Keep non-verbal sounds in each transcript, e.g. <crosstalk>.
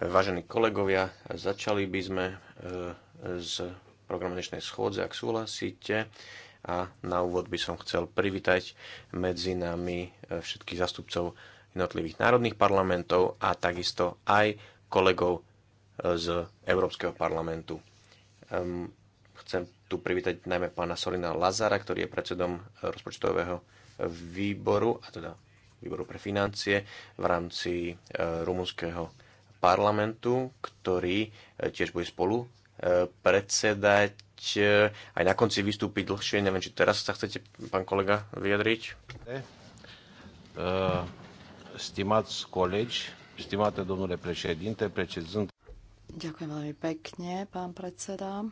Vážení kolegovia, začali by sme s e, programom dnešnej schôdze, ak súhlasíte. A na úvod by som chcel privítať medzi nami e, všetkých zastupcov jednotlivých národných parlamentov a takisto aj kolegov e, z Európskeho parlamentu. Chcem tu privítať najmä pána Solina Lazara, ktorý je predsedom rozpočtového výboru a teda výboru pre financie v rámci e, rumunského parlamentu, ktorý e, tiež bude spolu e, predsedať. Aj na konci vystúpiť dlhšie, neviem, či teraz sa chcete, pán kolega, vyjadriť. Stimați colegi, stimate domnule președinte, precizând... Ďakujem veľmi pekne, pán predseda.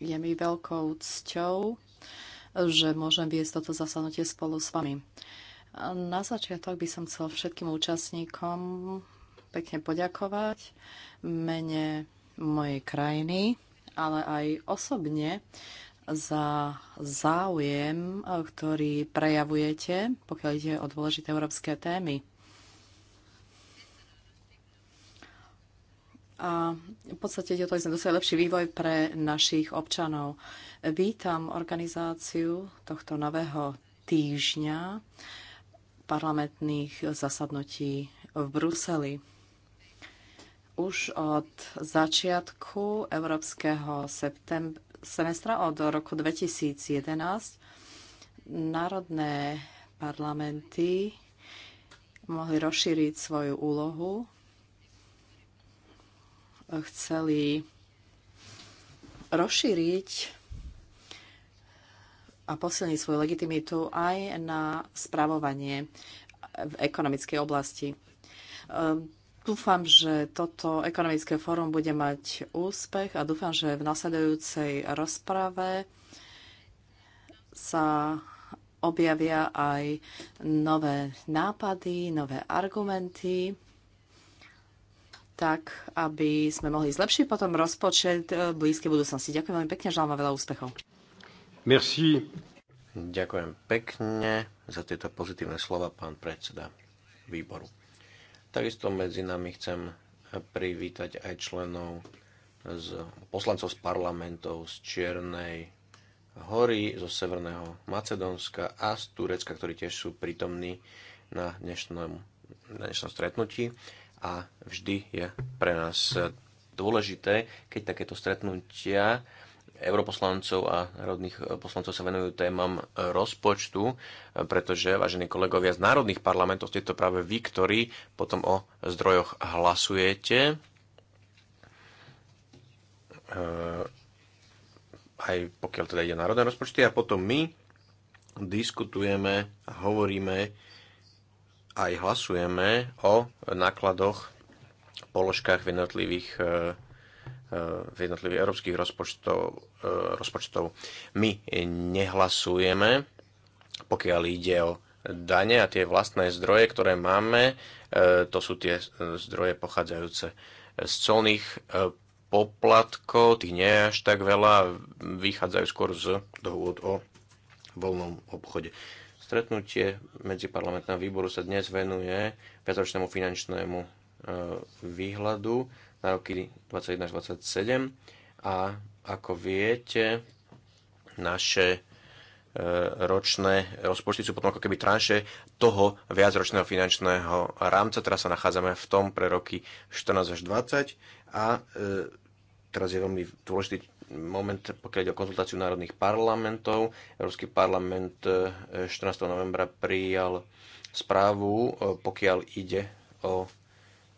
Je mi veľkou cťou že môžem viesť toto zasadnutie spolu s vami. Na začiatok by som chcel všetkým účastníkom pekne poďakovať mene mojej krajiny, ale aj osobne za záujem, ktorý prejavujete, pokiaľ ide o dôležité európske témy. a v podstate je to, aj sme lepší vývoj pre našich občanov. Vítam organizáciu tohto nového týždňa parlamentných zasadnutí v Bruseli. Už od začiatku európskeho semestra, od roku 2011, národné parlamenty mohli rozšíriť svoju úlohu chceli rozšíriť a posilniť svoju legitimitu aj na spravovanie v ekonomickej oblasti. Ehm, dúfam, že toto ekonomické fórum bude mať úspech a dúfam, že v nasledujúcej rozprave sa objavia aj nové nápady, nové argumenty tak aby sme mohli zlepšiť potom rozpočet e, blízkej budúcnosti. Ďakujem veľmi pekne, želám vám veľa úspechov. Merci. Ďakujem pekne za tieto pozitívne slova, pán predseda výboru. Takisto medzi nami chcem privítať aj členov z poslancov z parlamentov z Čiernej hory, zo Severného Macedónska a z Turecka, ktorí tiež sú prítomní na dnešnom, na dnešnom stretnutí a vždy je pre nás dôležité, keď takéto stretnutia europoslancov a národných poslancov sa venujú témam rozpočtu, pretože, vážení kolegovia z národných parlamentov, ste to práve vy, ktorí potom o zdrojoch hlasujete. Ehm, aj pokiaľ teda ide národné rozpočty a potom my diskutujeme a hovoríme aj hlasujeme o nákladoch, položkách v jednotlivých, e, e, v jednotlivých európskych rozpočtov, e, rozpočtov. My nehlasujeme, pokiaľ ide o dane a tie vlastné zdroje, ktoré máme, to sú tie zdroje pochádzajúce z colných poplatkov, tých nie je až tak veľa, vychádzajú skôr z dohôd o voľnom obchode. Stretnutie medziparlamentného výboru sa dnes venuje viacročnému finančnému e, výhľadu na roky 2021-2027 a ako viete, naše e, ročné rozpočty sú potom ako keby tranše toho viacročného finančného rámca. Teraz sa nachádzame v tom pre roky 14 až 20 a e, teraz je veľmi dôležitý moment, pokiaľ ide o konzultáciu národných parlamentov. Európsky parlament 14. E, novembra prijal správu, e, pokiaľ ide o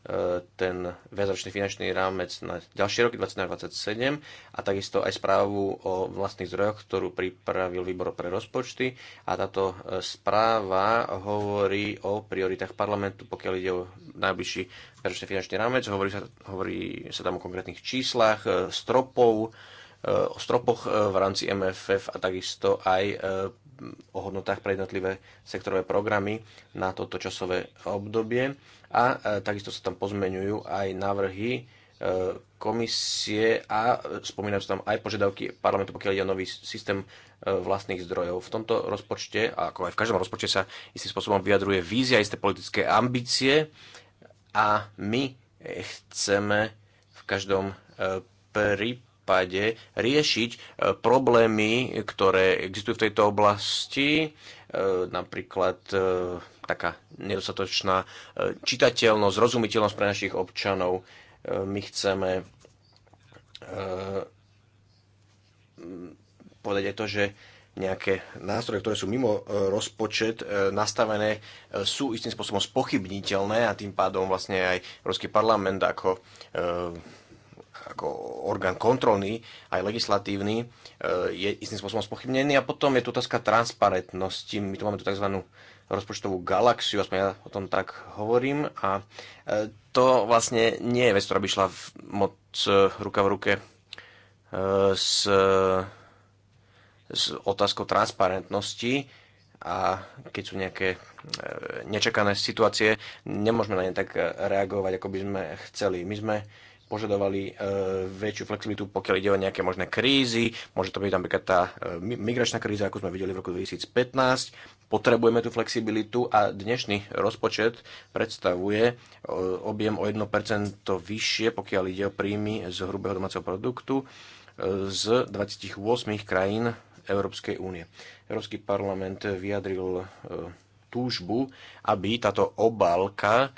e, ten väzročný finančný rámec na ďalšie roky 2027 a takisto aj správu o vlastných zdrojoch, ktorú pripravil výbor pre rozpočty a táto správa hovorí o prioritách parlamentu, pokiaľ ide o najbližší väzročný finančný rámec, hovorí sa, hovorí sa tam o konkrétnych číslach, stropov, Eh, o stropoch eh, v rámci MFF a takisto aj eh, o hodnotách pre jednotlivé sektorové programy na toto časové obdobie. A takisto sa tam pozmeňujú aj návrhy komisie a spomínajú sa tam aj požiadavky parlamentu, pokiaľ ide o nový systém vlastných zdrojov. V tomto rozpočte, ako aj v každom rozpočte, sa istým spôsobom vyjadruje vízia, isté politické ambície a my chceme v každom prípade prípade riešiť e, problémy, ktoré existujú v tejto oblasti, e, napríklad e, taká nedostatočná čitateľnosť, zrozumiteľnosť pre našich občanov. My chceme povedať aj to, že nejaké nástroje, ktoré sú mimo rozpočet nastavené, sú istým spôsobom spochybniteľné a tým pádom vlastne aj Európsky parlament ako ako orgán kontrolný, aj legislatívny, e, je istým spôsobom spochybnený. A potom je tu otázka transparentnosti. My tu máme tu tzv. rozpočtovú galaxiu, aspoň ja o tom tak hovorím. A e, to vlastne nie je vec, ktorá by šla v moc e, ruka v ruke s, s otázkou transparentnosti a keď sú nejaké nečakané situácie, nemôžeme na ne tak reagovať, ako by sme chceli. My sme požadovali e, väčšiu flexibilitu, pokiaľ ide o nejaké možné krízy. Môže to byť napríklad tá e, migračná kríza, ako sme videli v roku 2015. Potrebujeme tú flexibilitu a dnešný rozpočet predstavuje e, objem o 1% vyššie, pokiaľ ide o príjmy z hrubého domáceho produktu z 28 krajín Európskej únie. Európsky parlament vyjadril túžbu, aby táto obálka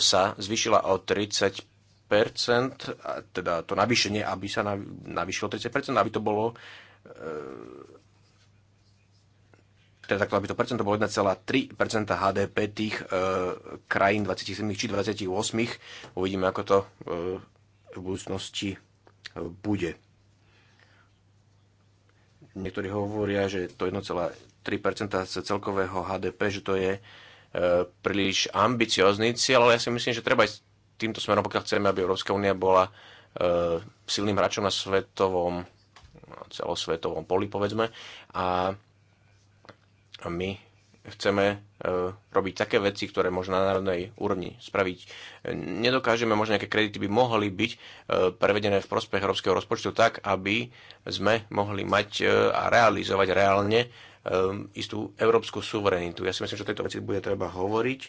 sa zvyšila o 35 teda to navýšenie, aby sa navýšilo 30 aby to bolo e, teda takto, aby to percento bolo 1,3% HDP tých e, krajín 27 či 28. Uvidíme, ako to e, v budúcnosti e, bude. Niektorí hovoria, že to 1,3% z celkového HDP, že to je e, príliš ambiciozný cieľ, ale ja si myslím, že treba ísť týmto smerom, pokiaľ chceme, aby Európska únia bola e, silným hráčom na svetovom, celosvetovom poli, povedzme. A my chceme e, robiť také veci, ktoré možno na národnej úrovni spraviť nedokážeme, možno nejaké kredity by mohli byť e, prevedené v prospech európskeho rozpočtu tak, aby sme mohli mať a realizovať reálne istú európsku suverenitu. Ja si myslím, že o tejto veci bude treba hovoriť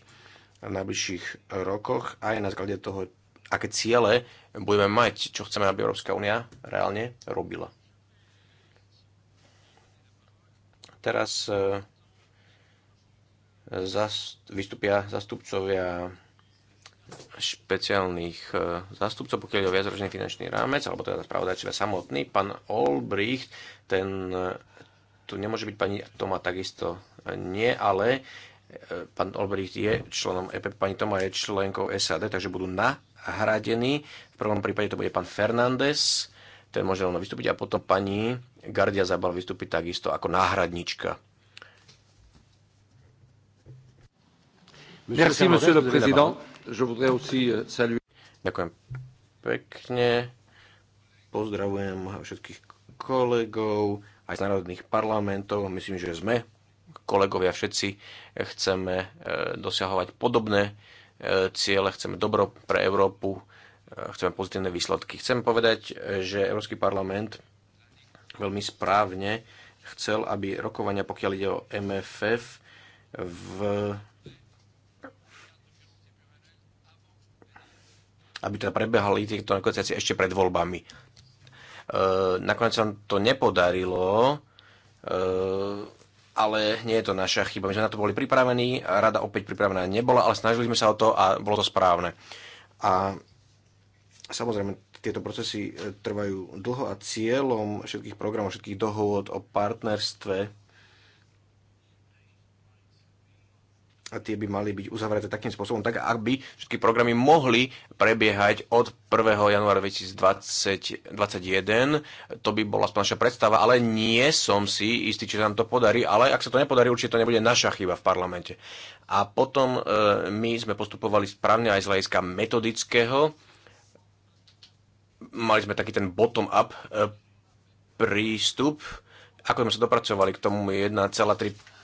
najbližších rokoch aj na základe toho, aké ciele budeme mať, čo chceme, aby Európska únia reálne robila. Teraz e, vystúpia zastupcovia špeciálnych e, zastupcov, pokiaľ je o viacročný finančný rámec, alebo teda spravodajčia samotný. Pán Olbricht, ten e, tu nemôže byť pani Toma takisto nie, ale Pán Olbricht je členom EPP, pani Toma je členkou SAD, takže budú nahradení. V prvom prípade to bude pán Fernández, ten môže len vystúpiť, a potom pani Gardia Zabal vystúpi takisto ako náhradnička. Merci, monsieur le président. Je voudrais aussi euh, saluer... Ďakujem pekne. Pozdravujem všetkých kolegov aj z národných parlamentov. Myslím, že sme kolegovia všetci chceme e, dosahovať podobné e, ciele, chceme dobro pre Európu, e, chceme pozitívne výsledky. Chcem povedať, že Európsky parlament veľmi správne chcel, aby rokovania, pokiaľ ide o MFF, v aby teda prebehali tieto negociácie ešte pred voľbami. E, nakoniec sa to nepodarilo. E, ale nie je to naša chyba. My sme na to boli pripravení, rada opäť pripravená nebola, ale snažili sme sa o to a bolo to správne. A samozrejme, tieto procesy e, trvajú dlho a cieľom všetkých programov, všetkých dohôd o partnerstve a tie by mali byť uzavreté takým spôsobom, tak aby všetky programy mohli prebiehať od 1. januára 2021. To by bola aspoň naša predstava, ale nie som si istý, či sa nám to podarí, ale ak sa to nepodarí, určite to nebude naša chyba v parlamente. A potom e, my sme postupovali správne aj z hľadiska metodického. Mali sme taký ten bottom-up e, prístup, ako sme sa dopracovali k tomu 1,3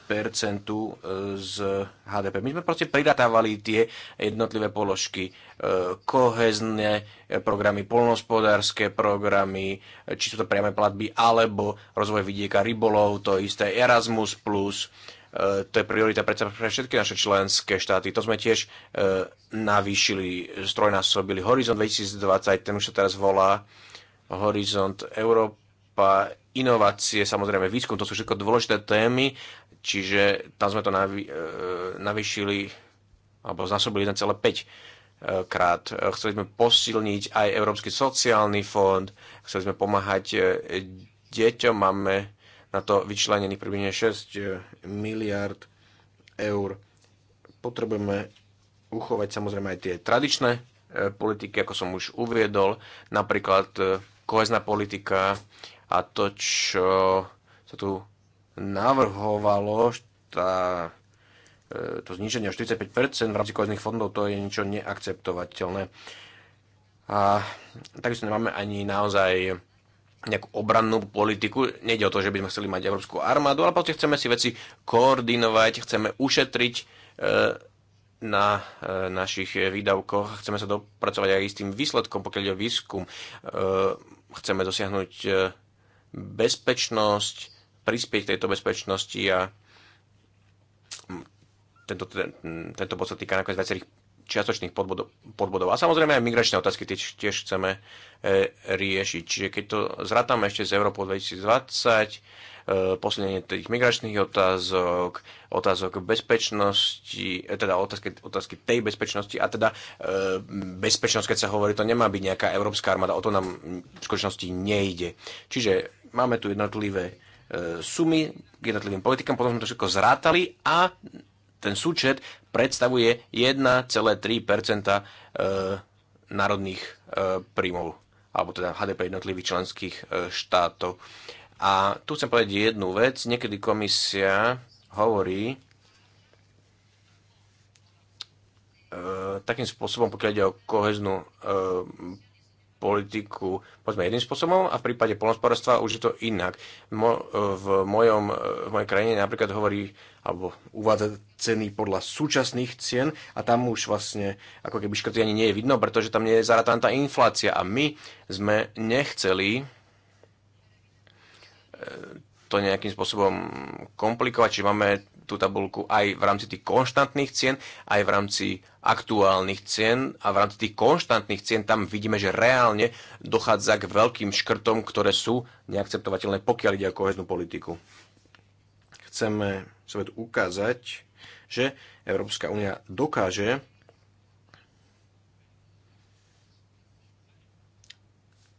percentu e, z HDP. My sme proste pridatávali tie jednotlivé položky, e, kohezné e, programy, polnospodárske programy, či sú to priame platby, alebo rozvoj vidieka rybolov, to isté Erasmus+, to je priorita predsa pre všetky naše členské štáty. To sme tiež navýšili, strojnásobili. Horizont 2020, ten už sa teraz volá Horizont Európa, inovácie, samozrejme výskum, to sú všetko dôležité témy Čiže tam sme to navi- e, navýšili alebo znásobili 1,5 e, krát. E, chceli sme posilniť aj Európsky sociálny fond, chceli sme pomáhať deťom, máme na to vyčlenených približne 6 miliard eur. Potrebujeme uchovať samozrejme aj tie tradičné politiky, ako som už uviedol, napríklad kohezná politika a to, čo sa tu navrhovalo tá, e, to zniženie o 45% v rámci kohezných fondov, to je niečo neakceptovateľné. A takisto nemáme ani naozaj nejakú obrannú politiku. Nejde o to, že by sme chceli mať európsku armádu, ale proste chceme si veci koordinovať, chceme ušetriť e, na e, našich výdavkoch, chceme sa dopracovať aj istým výsledkom, pokiaľ ide o výskum. Chceme dosiahnuť bezpečnosť, prispieť k tejto bezpečnosti a tento, ten, tento bod sa týka nakoniec viacerých čiastočných podbodov, podbodov. A samozrejme aj migračné otázky tiež, tiež chceme e, riešiť. Čiže keď to zratáme ešte z Európou 2020, e, posilnenie tých migračných otázok, otázok bezpečnosti, e, teda otázky, otázky tej bezpečnosti a teda e, bezpečnosť, keď sa hovorí, to nemá byť nejaká európska armáda, o to nám v skutočnosti nejde. Čiže máme tu jednotlivé E, sumy k jednotlivým politikám, potom sme to všetko zrátali a ten súčet predstavuje 1,3 e, národných e, príjmov, alebo teda HDP jednotlivých členských štátov. A tu chcem povedať jednu vec. Niekedy komisia hovorí takým spôsobom, pokiaľ ide o koheznú politiku poďme, jedným spôsobom a v prípade polnospodárstva už je to inak. Mo, e, v, mojom, e, v mojej krajine napríklad hovorí alebo uvádza ceny podľa súčasných cien a tam už vlastne ako keby škrty ani nie je vidno, pretože tam nie je zarataná tá inflácia a my sme nechceli e, to nejakým spôsobom komplikovať, či máme tú tabulku aj v rámci tých konštantných cien, aj v rámci aktuálnych cien a v rámci tých konštantných cien tam vidíme, že reálne dochádza k veľkým škrtom, ktoré sú neakceptovateľné, pokiaľ ide o koheznú politiku. Chceme svet ukázať, že Európska únia dokáže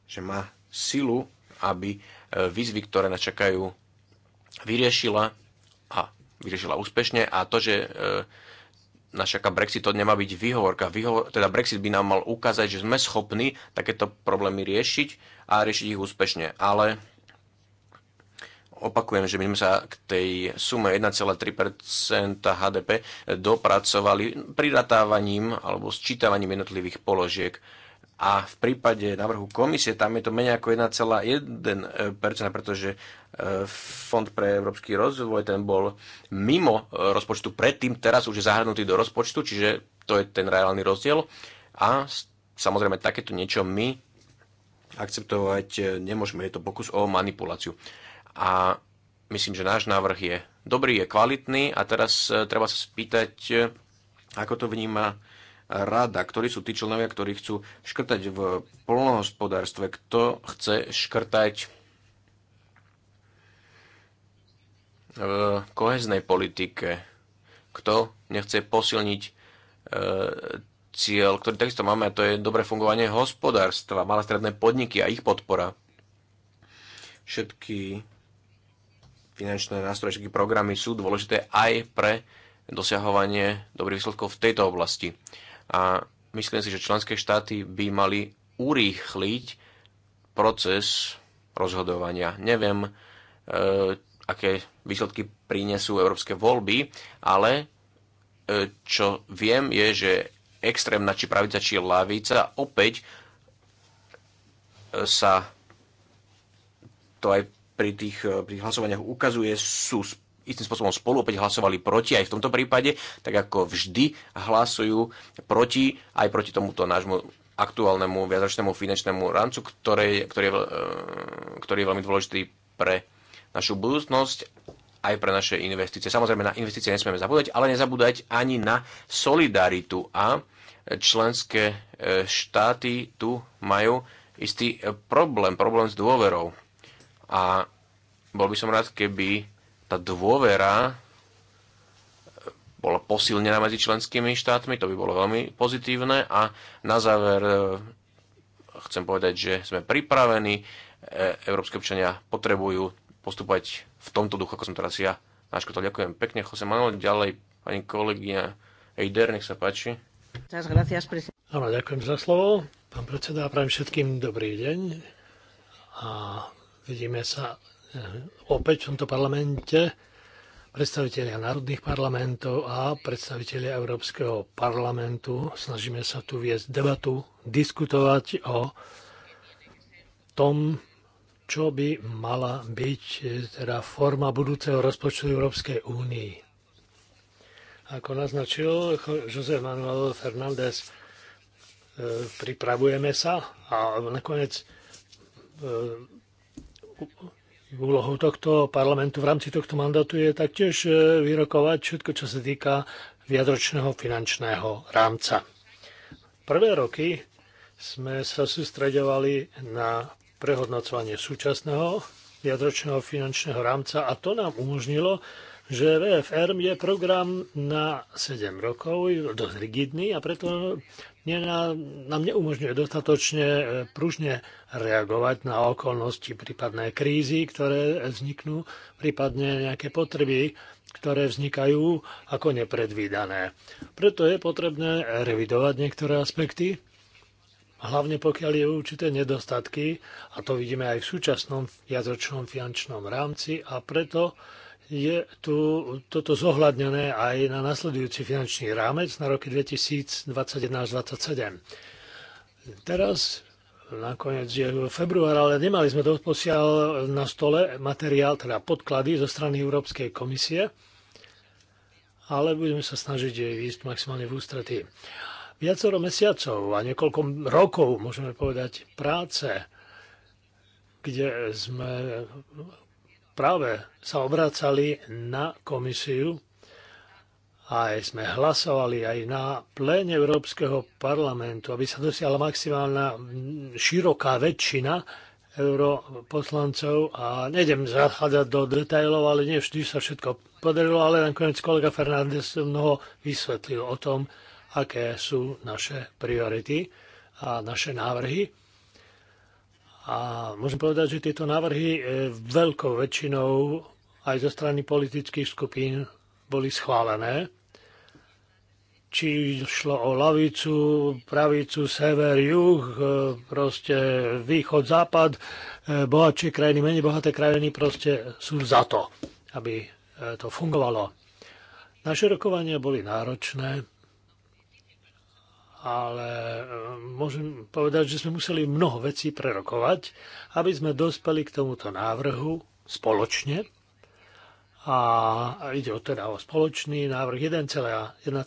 že má silu, aby výzvy, ktoré nás čakajú, vyriešila a vyriešila úspešne a to, že e, nás čaká Brexit, to nemá byť výhovorka. Výhovor, teda Brexit by nám mal ukázať, že sme schopní takéto problémy riešiť a riešiť ich úspešne. Ale opakujem, že my sme sa k tej sume 1,3 HDP dopracovali pridatávaním alebo sčítavaním jednotlivých položiek a v prípade návrhu komisie tam je to menej ako 1,1%, pretože e, Fond pre európsky rozvoj ten bol mimo e, rozpočtu predtým, teraz už je zahrnutý do rozpočtu, čiže to je ten reálny rozdiel. A samozrejme takéto niečo my akceptovať e, nemôžeme, je to pokus o manipuláciu. A myslím, že náš návrh je dobrý, je kvalitný a teraz treba sa spýtať, ako to vníma rada, ktorí sú tí členovia, ktorí chcú škrtať v polnohospodárstve, kto chce škrtať v koheznej politike, kto nechce posilniť e, cieľ, ktorý takisto máme, a to je dobré fungovanie hospodárstva, malé stredné podniky a ich podpora. Všetky finančné nástroje, všetky programy sú dôležité aj pre dosahovanie dobrých výsledkov v tejto oblasti a myslím si, že členské štáty by mali urýchliť proces rozhodovania. Neviem, e, aké výsledky prinesú európske voľby, ale e, čo viem je, že extrémna či pravica či lavica opäť e, sa to aj pri tých e, pri hlasovaniach ukazuje, sú istým spôsobom spolu opäť hlasovali proti aj v tomto prípade, tak ako vždy hlasujú proti aj proti tomuto nášmu aktuálnemu viacročnému finančnému rámcu, ktoré, ktorý, je, eh, ktorý je veľmi dôležitý pre našu budúcnosť aj pre naše investície. Samozrejme, na investície nesmieme zabúdať, ale nezabúdať ani na solidaritu. A členské eh, štáty tu majú istý eh, problém, problém s dôverou. A bol by som rád, keby tá dôvera eh, bola posilnená medzi členskými štátmi, to by bolo veľmi pozitívne a na záver eh, chcem povedať, že sme pripravení, eh, európske občania potrebujú postupovať v tomto duchu, ako som teraz ja naškotol. Ďakujem pekne, Jose Manuel, ďalej pani kolegyňa Eider, nech sa páči. Áno, ďakujem za slovo. Pán predseda, prajem všetkým dobrý deň a vidíme sa opäť v tomto parlamente predstavitelia národných parlamentov a predstavitelia Európskeho parlamentu. Snažíme sa tu viesť debatu, diskutovať o tom, čo by mala byť teda forma budúceho rozpočtu Európskej únii. Ako naznačil José Manuel Fernández, e, pripravujeme sa a nakoniec e, úlohou tohto parlamentu v rámci tohto mandátu je taktiež e, vyrokovať všetko, čo sa týka viadročného finančného rámca. Prvé roky sme sa sústredovali na prehodnocovanie súčasného viadročného finančného rámca a to nám umožnilo že VFR je program na 7 rokov, dosť rigidný a preto nám neumožňuje dostatočne e, pružne reagovať na okolnosti prípadné krízy, ktoré vzniknú, prípadne nejaké potreby, ktoré vznikajú ako nepredvídané. Preto je potrebné revidovať niektoré aspekty, hlavne pokiaľ je určité nedostatky, a to vidíme aj v súčasnom jazročnom finančnom rámci, a preto je tu toto zohľadnené aj na nasledujúci finančný rámec na roky 2021 až 2027. Teraz nakoniec je február, ale nemali sme doposiaľ na stole materiál, teda podklady zo strany Európskej komisie, ale budeme sa snažiť ísť maximálne v ústretí. Viacero mesiacov a niekoľko rokov, môžeme povedať, práce, kde sme práve sa obracali na komisiu a aj sme hlasovali aj na pléne Európskeho parlamentu, aby sa dosiahla maximálna mm, široká väčšina europoslancov a nejdem zachádzať do detajlov, ale nie vždy sa všetko podarilo, ale nakoniec kolega Fernández mnoho vysvetlil o tom, aké sú naše priority a naše návrhy. A môžem povedať, že tieto návrhy e, veľkou väčšinou aj zo strany politických skupín boli schválené. Či šlo o lavicu, pravicu, sever, juh, e, proste východ, západ, e, bohatšie krajiny, menej bohaté krajiny proste sú za to, aby to fungovalo. Naše rokovania boli náročné, ale e, môžem povedať, že sme museli mnoho vecí prerokovať, aby sme dospeli k tomuto návrhu spoločne. A ide o teda o spoločný návrh 1,3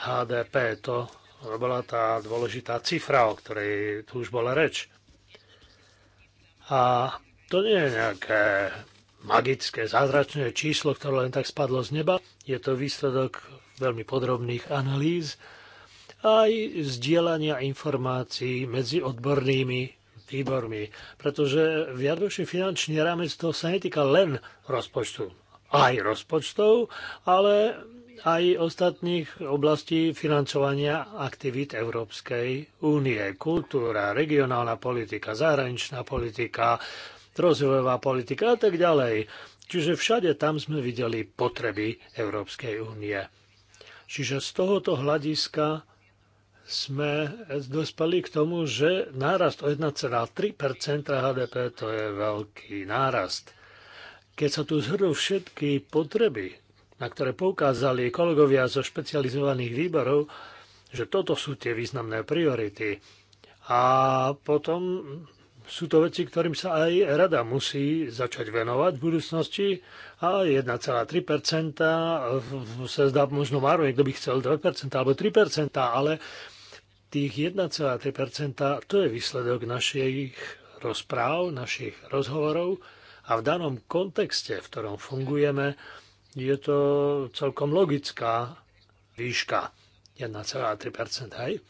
HDP. To bola tá dôležitá cifra, o ktorej tu už bola reč. A to nie je nejaké magické, zázračné číslo, ktoré len tak spadlo z neba. Je to výsledok veľmi podrobných analýz aj zdieľania informácií medzi odbornými výbormi. Pretože viadrovšie finančný rámec to sa netýka len rozpočtu. Aj rozpočtov, ale aj ostatných oblastí financovania aktivít Európskej únie. Kultúra, regionálna politika, zahraničná politika, rozvojová politika a tak ďalej. Čiže všade tam sme videli potreby Európskej únie. Čiže z tohoto hľadiska sme dospeli k tomu, že nárast o 1,3 HDP to je veľký nárast. Keď sa tu zhrnú všetky potreby, na ktoré poukázali kolegovia zo špecializovaných výborov, že toto sú tie významné priority. A potom sú to veci, ktorým sa aj rada musí začať venovať v budúcnosti a 1,3% sa zdá možno máro, niekto by chcel 2% alebo 3%, ale tých 1,3% to je výsledok našich rozpráv, našich rozhovorov a v danom kontexte, v ktorom fungujeme, je to celkom logická výška 1,3%. Hej?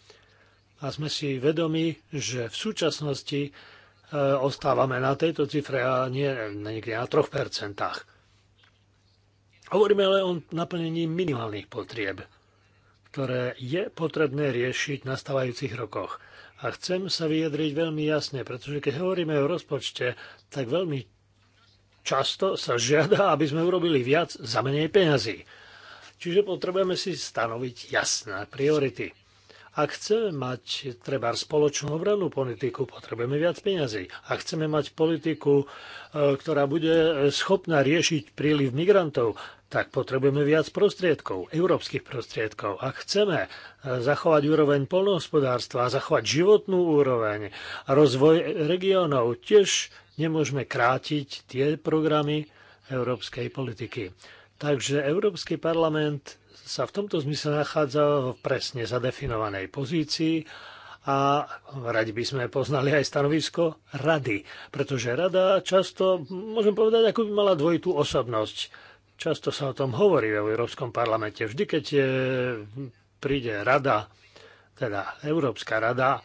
A sme si vedomi, že v súčasnosti E, ostávame na tejto cifre a nie niekde na 3%. Hovoríme ale o naplnení minimálnych potrieb, ktoré je potrebné riešiť na stavajúcich rokoch. A chcem sa vyjadriť veľmi jasne, pretože keď hovoríme o rozpočte, tak veľmi často sa žiada, aby sme urobili viac za menej peňazí. Čiže potrebujeme si stanoviť jasné priority. Ak chceme mať treba spoločnú obrannú politiku, potrebujeme viac peniazy. Ak chceme mať politiku, e, ktorá bude schopná riešiť príliv migrantov, tak potrebujeme viac prostriedkov, európskych prostriedkov. Ak chceme e, zachovať úroveň polnohospodárstva zachovať životnú úroveň a rozvoj regiónov, tiež nemôžeme krátiť tie programy európskej politiky. Takže Európsky parlament sa v tomto zmysle nachádza v presne zadefinovanej pozícii a radi by sme poznali aj stanovisko rady, pretože rada často, môžem povedať, ako by mala dvojitú osobnosť. Často sa o tom hovorí v Európskom parlamente. Vždy, keď je, príde rada, teda Európska rada,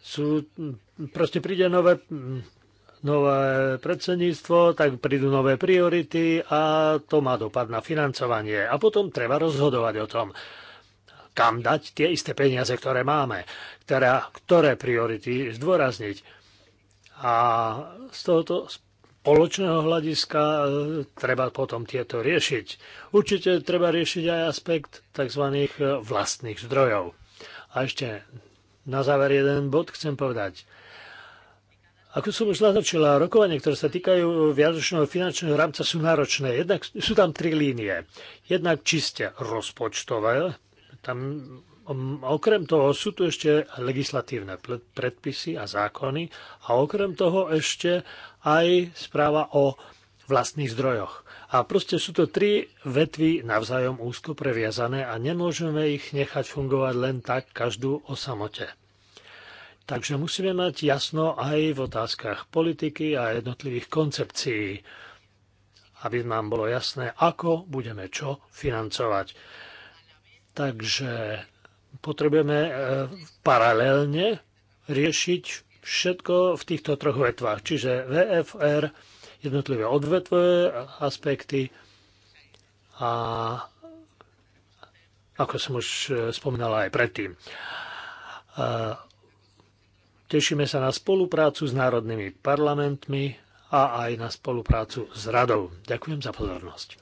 sú, proste príde nové nové predsedníctvo, tak prídu nové priority a to má dopad na financovanie. A potom treba rozhodovať o tom, kam dať tie isté peniaze, ktoré máme, ktorá, ktoré priority zdôrazniť. A z tohoto spoločného hľadiska e, treba potom tieto riešiť. Určite treba riešiť aj aspekt tzv. E, vlastných zdrojov. A ešte na záver jeden bod chcem povedať ako som už naznačila, rokovania, ktoré sa týkajú viadočného finančného rámca, sú náročné. Jednak sú tam tri línie. Jednak čiste rozpočtové, tam okrem toho sú tu ešte legislatívne predpisy a zákony a okrem toho ešte aj správa o vlastných zdrojoch. A proste sú to tri vetvy navzájom úzko previazané a nemôžeme ich nechať fungovať len tak každú o samote. Takže musíme mať jasno aj v otázkach politiky a jednotlivých koncepcií, aby nám bolo jasné, ako budeme čo financovať. Takže potrebujeme e, paralelne riešiť všetko v týchto troch vetvách, čiže VFR, jednotlivé odvetvové aspekty a ako som už e, spomínala aj predtým e, Tešíme sa na spoluprácu s národnými parlamentmi a aj na spoluprácu s radou. Ďakujem za pozornosť.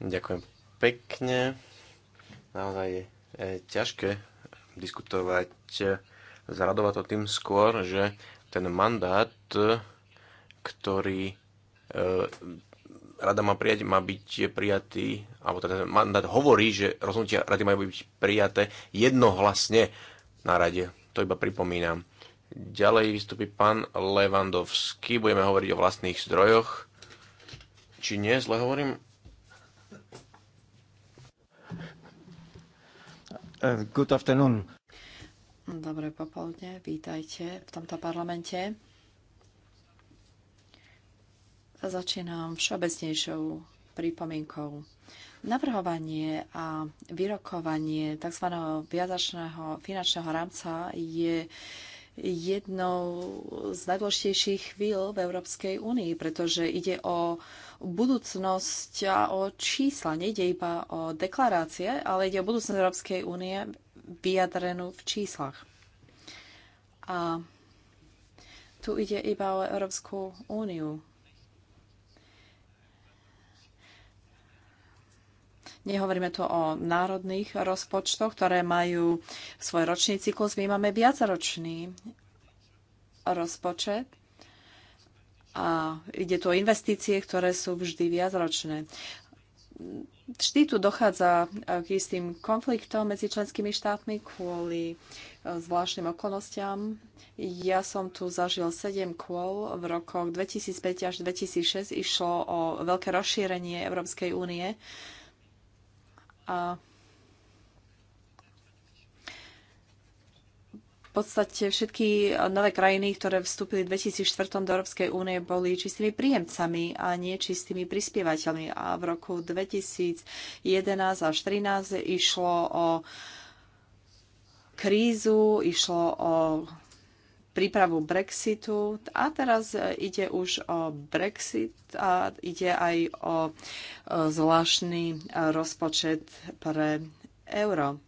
Ďakujem pekne. Naozaj je ťažké diskutovať s eh, radou to tým skôr, že ten mandát, ktorý eh, rada má prijať, má byť prijatý, alebo teda ten mandát hovorí, že rozhodnutia rady majú byť prijaté jednohlasne na rade. To iba pripomínam. Ďalej vystupí pán Levandovský. Budeme hovoriť o vlastných zdrojoch. Či nie, zle hovorím? E, good afternoon. Dobre popoludne, vítajte v tomto parlamente. Začínam všeobecnejšou pripomienkou. Navrhovanie a vyrokovanie tzv. viazačného finančného rámca je jednou z najdôležitejších chvíľ v Európskej únii, pretože ide o budúcnosť a o čísla. Nejde iba o deklarácie, ale ide o budúcnosť Európskej únie vyjadrenú v číslach. A tu ide iba o Európsku úniu. Nehovoríme tu o národných rozpočtoch, ktoré majú svoj ročný cyklus. My máme viacročný rozpočet a ide tu o investície, ktoré sú vždy viacročné. Vždy tu dochádza k istým konfliktom medzi členskými štátmi kvôli e, zvláštnym okolnostiam. Ja som tu zažil 7 kôl v rokoch 2005 až 2006. Išlo o veľké rozšírenie Európskej únie a v podstate všetky nové krajiny, ktoré vstúpili v 2004 do Európskej únie, boli čistými príjemcami a nie čistými prispievateľmi. A v roku 2011 až 2013 išlo o krízu, išlo o prípravu Brexitu a teraz e, ide už o Brexit a ide aj o e, zvláštny e, rozpočet pre euro.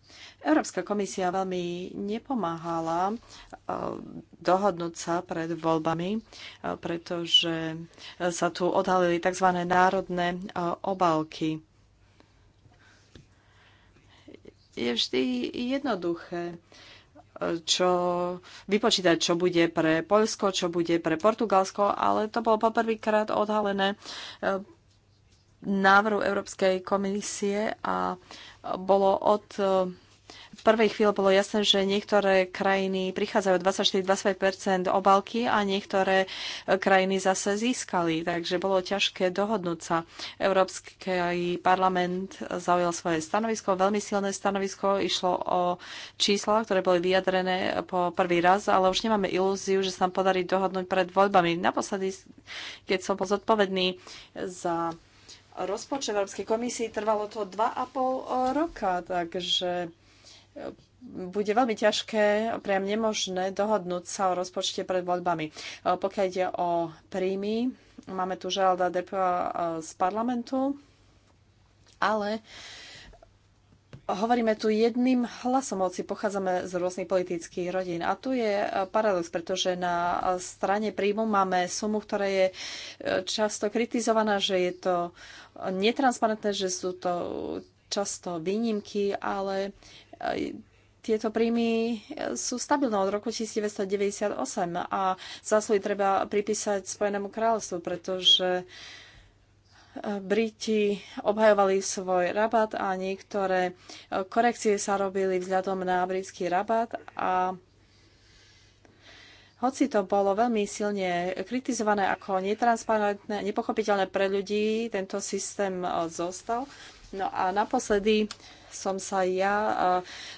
Európska komisia veľmi nepomáhala dohodnúť sa pred voľbami, pretože sa tu odhalili tzv. národné obálky. Je vždy jednoduché čo vypočítať, čo bude pre Poľsko, čo bude pre Portugalsko, ale to bolo poprvýkrát odhalené eh, návrhu Európskej komisie a bolo od eh, v prvej chvíli bolo jasné, že niektoré krajiny prichádzajú 24-25 obálky a niektoré e, krajiny zase získali, takže bolo ťažké dohodnúť sa. Európsky parlament zaujal svoje stanovisko, veľmi silné stanovisko, išlo o čísla, ktoré boli vyjadrené po prvý raz, ale už nemáme ilúziu, že sa nám podarí dohodnúť pred voľbami. Naposledy, keď som bol zodpovedný za rozpočet Európskej komisii, trvalo to 2,5 roka, takže bude veľmi ťažké, priam nemožné dohodnúť sa o rozpočte pred voľbami. E, pokiaľ ide o príjmy, máme tu Žalda Depa e, z parlamentu, ale hovoríme tu jedným hlasom, hoci pochádzame z rôznych politických rodín. A tu je e, paradox, pretože na strane príjmu máme sumu, ktorá je často kritizovaná, že je to netransparentné, že sú to často výnimky, ale tieto príjmy e, sú stabilné od roku 1998 a zásluhy treba pripísať Spojenému kráľovstvu, pretože e, Briti obhajovali svoj rabat a niektoré e, korekcie sa robili vzhľadom na britský rabat a hoci to bolo veľmi silne kritizované ako netransparentné, nepochopiteľné pre ľudí, tento systém zostal. No a naposledy som sa ja e,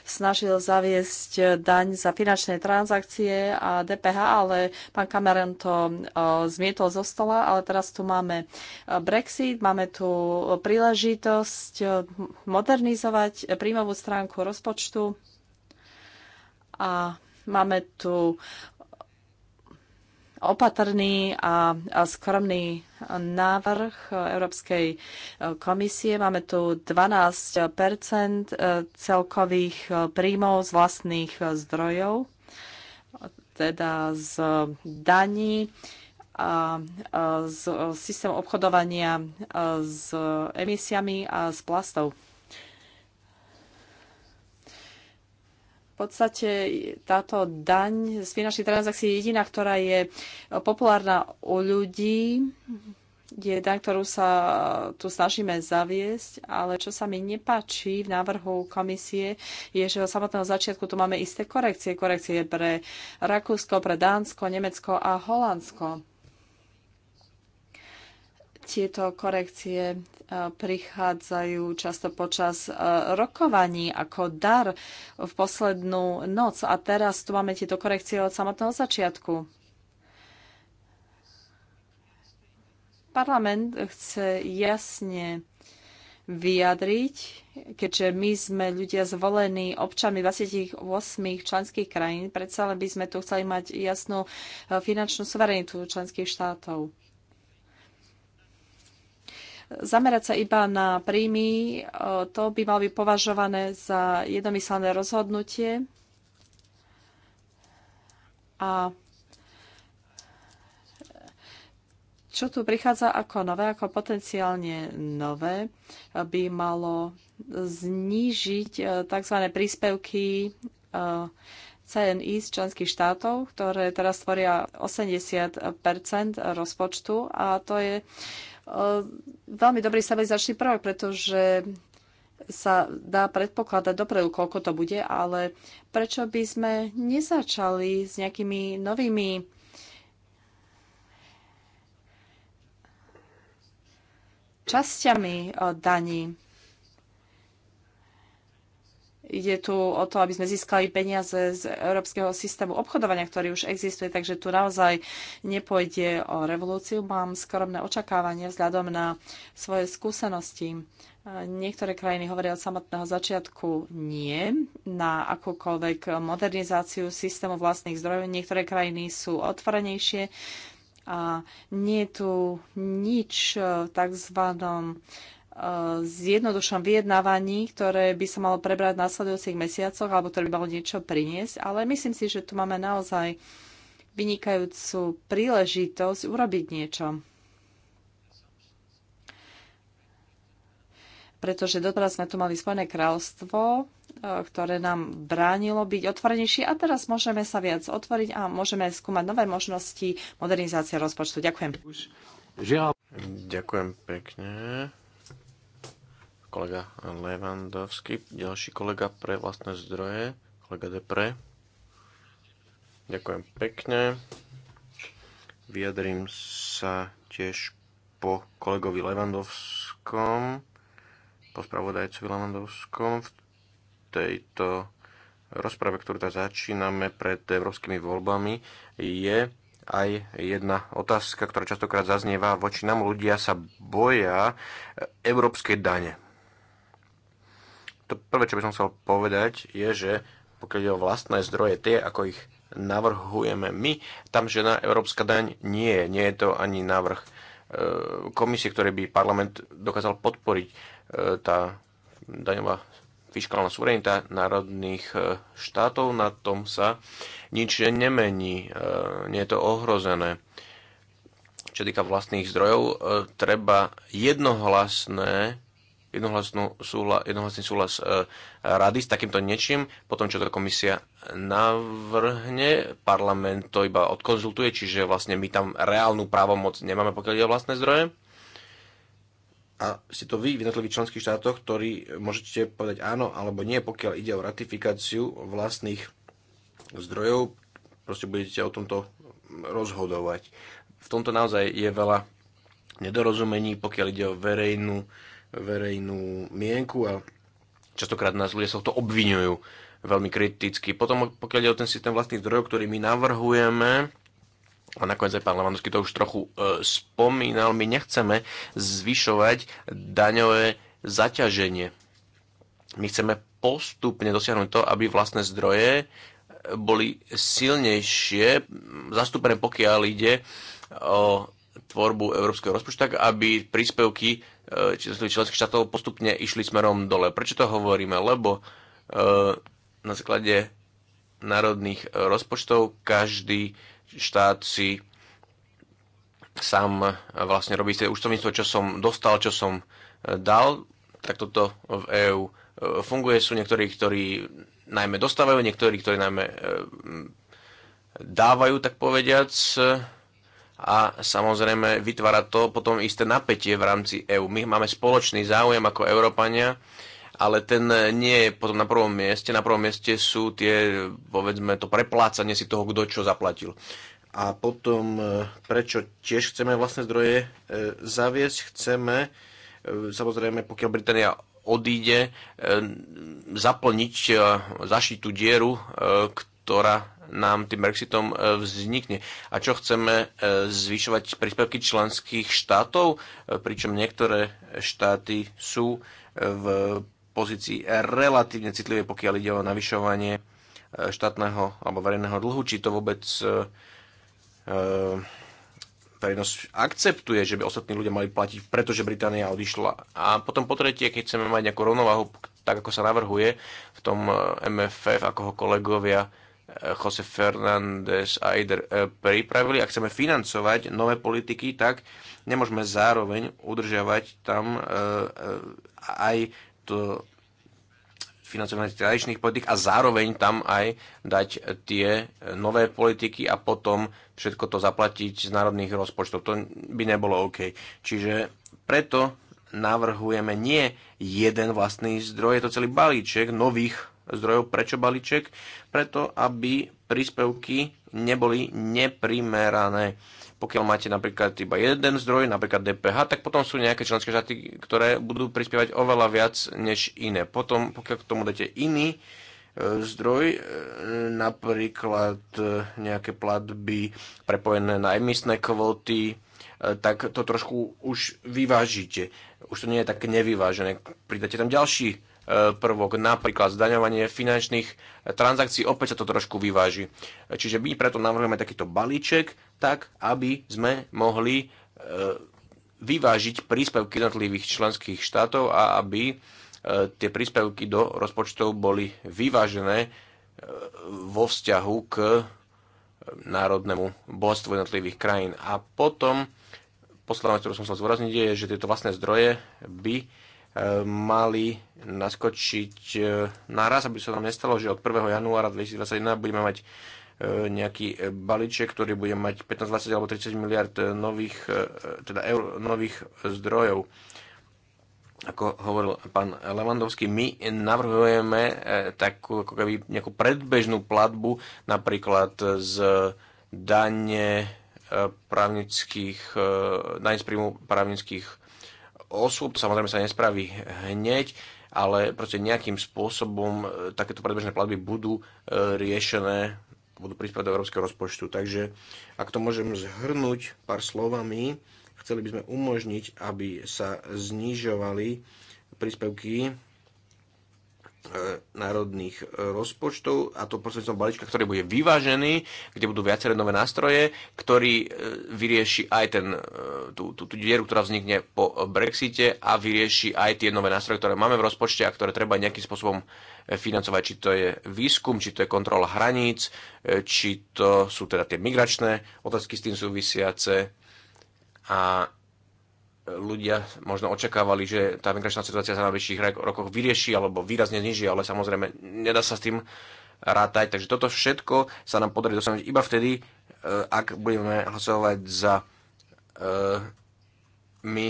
snažil zaviesť e, daň za finančné transakcie a DPH, ale pán Cameron to e, zmietol zo stola, ale teraz tu máme Brexit, máme tu príležitosť modernizovať príjmovú stránku rozpočtu a máme tu opatrný a skromný návrh Európskej e, komisie. Máme tu 12 e, celkových e, príjmov z vlastných zdrojov, teda z daní a z systému obchodovania s emisiami a s plastov. podstate táto daň z finančných transakcií je jediná, ktorá je populárna u ľudí. Je daň, ktorú sa tu snažíme zaviesť, ale čo sa mi nepáči v návrhu komisie, je, že od samotného začiatku tu máme isté korekcie. Korekcie pre Rakúsko, pre Dánsko, Nemecko a Holandsko. Tieto korekcie e, prichádzajú často počas e, rokovaní ako dar v poslednú noc a teraz tu máme tieto korekcie od samotného začiatku. Parlament chce jasne vyjadriť, keďže my sme ľudia zvolení občami 28 členských krajín, predsa len by sme tu chceli mať jasnú e, finančnú suverenitu členských štátov. Zamerať sa iba na príjmy, e, to by malo byť považované za jednomyslené rozhodnutie. A čo tu prichádza ako nové, ako potenciálne nové, by malo znížiť e, tzv. príspevky e, CNI z členských štátov, ktoré teraz tvoria 80 rozpočtu a to je veľmi dobrý stabilizačný prvok, pretože sa dá predpokladať dopredu, koľko to bude, ale prečo by sme nezačali s nejakými novými časťami eh, daní? Ide tu o to, aby sme získali peniaze z európskeho systému obchodovania, ktorý už existuje, takže tu naozaj nepôjde o revolúciu. Mám skromné očakávanie vzhľadom na svoje skúsenosti. Niektoré krajiny hovoria od samotného začiatku nie na akúkoľvek modernizáciu systému vlastných zdrojov. Niektoré krajiny sú otvorenejšie a nie je tu nič v takzvanom zjednodušom vyjednávaní, ktoré by sa malo prebrať v následujúcich mesiacoch, alebo ktoré by malo niečo priniesť. Ale myslím si, že tu máme naozaj vynikajúcu príležitosť urobiť niečo. Pretože doteraz sme tu mali Spojené kráľovstvo, eh, ktoré nám bránilo byť otvorenejší a teraz môžeme sa viac otvoriť a môžeme skúmať nové možnosti modernizácie rozpočtu. Ďakujem. Ďakujem pekne kolega Levandovský, ďalší kolega pre vlastné zdroje, kolega Depre. Ďakujem pekne. Vyjadrím sa tiež po kolegovi Levandovskom, po spravodajcovi Levandovskom v tejto rozprave, ktorú teraz začíname pred európskymi voľbami, je aj jedna otázka, ktorá častokrát zaznieva voči nám. Ľudia sa boja európskej dane to prvé, čo by som chcel povedať, je, že pokiaľ je o vlastné zdroje, tie, ako ich navrhujeme my, tam žiadna európska daň nie je. Nie je to ani návrh e, komisie, ktorý by parlament dokázal podporiť. E, tá daňová fiskálna suverenita národných e, štátov, na tom sa nič nemení, nie je to ohrozené. Čo týka vlastných zdrojov, treba jednohlasné súhlas, jednohlasný súhlas e, rady s takýmto niečím, potom čo to komisia navrhne, parlament to iba odkonzultuje, čiže vlastne my tam reálnu právomoc nemáme, pokiaľ ide o vlastné zdroje. A ste to vy v jednotlivých členských štátoch, ktorí môžete povedať áno alebo nie, pokiaľ ide o ratifikáciu vlastných zdrojov, proste budete o tomto rozhodovať. V tomto naozaj je veľa nedorozumení, pokiaľ ide o verejnú verejnú mienku a častokrát nás ľudia sa to obvinujú veľmi kriticky. Potom, pokiaľ je o ten systém vlastných zdrojov, ktorý my navrhujeme, a nakoniec aj pán Levandovský to už trochu e, spomínal, my nechceme zvyšovať daňové zaťaženie. My chceme postupne dosiahnuť to, aby vlastné zdroje e, boli silnejšie, zastúpené pokiaľ ide o tvorbu európskeho rozpočtu, tak aby príspevky E, členských štátov postupne išli smerom dole. Prečo to hovoríme? Lebo e, na základe národných rozpočtov každý štát si sám vlastne robí ste účtovníctvo, čo som dostal, čo som e, dal, tak toto v EÚ funguje. Sú niektorí, ktorí najmä dostávajú, niektorí, ktorí najmä dávajú, tak povediac a samozrejme vytvára to potom isté napätie v rámci EÚ. My máme spoločný záujem ako Európania, ale ten nie je potom na prvom mieste. Na prvom mieste sú tie, povedzme, to preplácanie si toho, kto čo zaplatil. A potom, e, prečo tiež chceme vlastné zdroje e, zaviesť? Chceme, e, samozrejme, pokiaľ Británia odíde, zaplniť, zašiť tú dieru, ktorá nám tým Brexitom e, vznikne. A čo chceme e, zvyšovať príspevky členských štátov, e, pričom niektoré štáty sú v pozícii relatívne citlivé, pokiaľ ide o navyšovanie štátneho alebo verejného dlhu, či to vôbec verejnosť akceptuje, že by ostatní ľudia mali platiť, pretože Británia odišla. A potom po tretie, keď chceme mať nejakú rovnováhu, tak ako sa navrhuje v tom MFF, ako ho kolegovia Jose Fernández a Eider e, pripravili. Ak chceme financovať nové politiky, tak nemôžeme zároveň udržiavať tam e, e, aj to financovanie tradičných politik a zároveň tam aj dať tie nové politiky a potom všetko to zaplatiť z národných rozpočtov. To by nebolo OK. Čiže preto navrhujeme nie jeden vlastný zdroj, je to celý balíček nových zdrojov. Prečo balíček? Preto, aby príspevky neboli neprimerané. Pokiaľ máte napríklad iba jeden zdroj, napríklad DPH, tak potom sú nejaké členské štáty, ktoré budú prispievať oveľa viac než iné. Potom, pokiaľ k tomu dáte iný e, zdroj, e, napríklad e, nejaké platby prepojené na emisné kvóty, tak to trošku už vyvážite. Už to nie je tak nevyvážené. Pridáte tam ďalší prvok, napríklad zdaňovanie finančných transakcií, opäť sa to trošku vyváži. Čiže my preto navrhujeme takýto balíček, tak aby sme mohli e, vyvážiť príspevky jednotlivých členských štátov a aby e, tie príspevky do rozpočtov boli vyvážené e, vo vzťahu k národnému bohatstvu jednotlivých krajín. A potom, posledná vec, ktorú som chcel zdôrazniť, je, že tieto vlastné zdroje by mali naskočiť e, naraz, aby sa nám nestalo, že od 1. januára 2021 budeme mať e, nejaký e, balíček, ktorý bude mať 15, 20 alebo 30 miliard nových, teda eur, nových zdrojov. Ako hovoril pán Levandovský, my navrhujeme takú ako keby nejakú predbežnú platbu napríklad z dane právnických, daň z príjmu právnických osôb, to samozrejme sa nespraví hneď, ale proste nejakým spôsobom e, takéto predbežné platby budú e, riešené, budú prispievať do európskeho rozpočtu. Takže ak to môžem zhrnúť pár slovami, chceli by sme umožniť, aby sa znižovali príspevky E, národných e, rozpočtov a to prostredníctvom balíčka, ktorý bude vyvážený, kde budú viaceré nové nástroje, ktorý e, vyrieši aj ten, tú, tú, tú dieru, ktorá vznikne po Brexite a vyrieši aj tie nové nástroje, ktoré máme v rozpočte a ktoré treba nejakým spôsobom financovať, či to je výskum, či to je kontrola hraníc, či to sú teda tie migračné otázky s tým súvisiace a ľudia možno očakávali, že tá migračná situácia sa na najbližších rokoch vyrieši alebo výrazne zniží, ale samozrejme nedá sa s tým rátať. Takže toto všetko sa nám podarí dosiahnuť iba vtedy, e, ak budeme hlasovať za e, my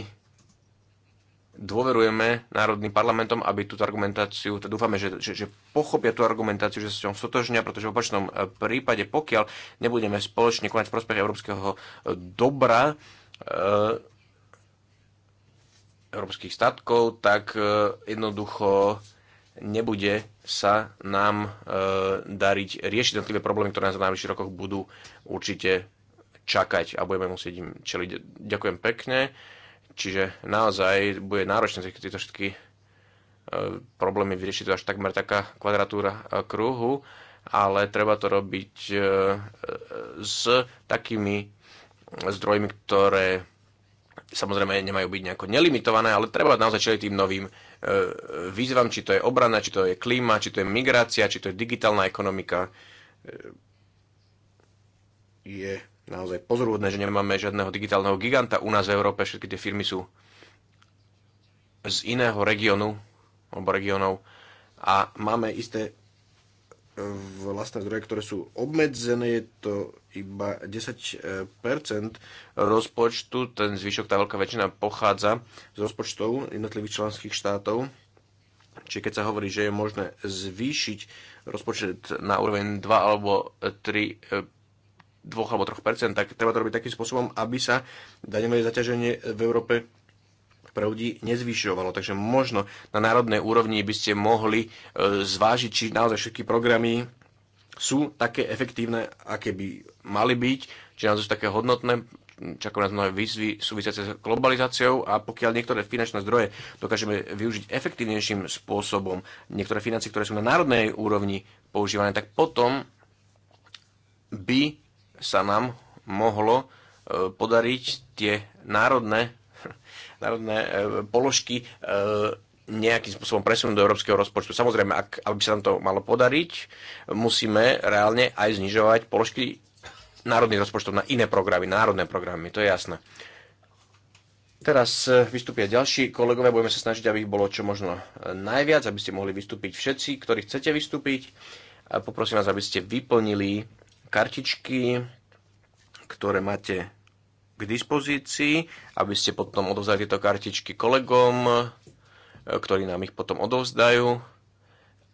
dôverujeme národným parlamentom, aby túto argumentáciu, to teda dúfame, že, že, že pochopia tú argumentáciu, že sa s ňou sotožnia, pretože v opačnom e, prípade, pokiaľ nebudeme spoločne konať v prospech európskeho dobra, európskych statkov, tak e, jednoducho nebude sa nám e, dariť riešiť jednotlivé problémy, ktoré nás v najbližších rokoch budú určite čakať a budeme musieť im čeliť. Ďakujem pekne. Čiže naozaj bude náročné tieto všetky e, problémy vyriešiť to až takmer taká kvadratúra kruhu, ale treba to robiť s takými zdrojmi, ktoré Samozrejme, nemajú byť nejako nelimitované, ale treba naozaj čeliť tým novým e, výzvam, či to je obrana, či to je klíma, či to je migrácia, či to je digitálna ekonomika. E, je naozaj pozorúhodné, že nemáme žiadneho digitálneho giganta u nás v Európe. Všetky tie firmy sú z iného regiónu alebo regiónov a máme isté e, vlastné zdroje, ktoré sú obmedzené. Je to iba 10 e, rozpočtu, ten zvyšok, tá veľká väčšina pochádza z rozpočtov jednotlivých členských štátov. Čiže keď sa hovorí, že je možné zvýšiť rozpočet na úroveň 2 alebo 3 2 e, alebo 3 tak treba to robiť takým spôsobom, aby sa daňové zaťaženie v Európe pre ľudí nezvyšovalo. Takže možno na národnej úrovni by ste mohli e, zvážiť, či naozaj všetky programy sú také efektívne, aké by mali byť, či nás sú také hodnotné, čakajú nás mnohé výzvy súvisiace s globalizáciou a pokiaľ niektoré finančné zdroje dokážeme využiť efektívnejším spôsobom, niektoré financie, ktoré sú na národnej úrovni používané, tak potom by sa nám mohlo e, podariť tie národné, <laughs> národné e, položky e, nejakým spôsobom presunúť do európskeho rozpočtu. Samozrejme, ak, ak by sa nám to malo podariť, musíme reálne aj znižovať položky národných rozpočtov na iné programy, národné programy, to je jasné. Teraz e, vystúpia ďalší kolegovia, budeme sa snažiť, aby ich bolo čo možno e, najviac, aby ste mohli vystúpiť všetci, ktorí chcete vystúpiť. A poprosím vás, aby ste vyplnili kartičky, ktoré máte k dispozícii, aby ste potom odovzali tieto kartičky kolegom, ktorí nám ich potom odovzdajú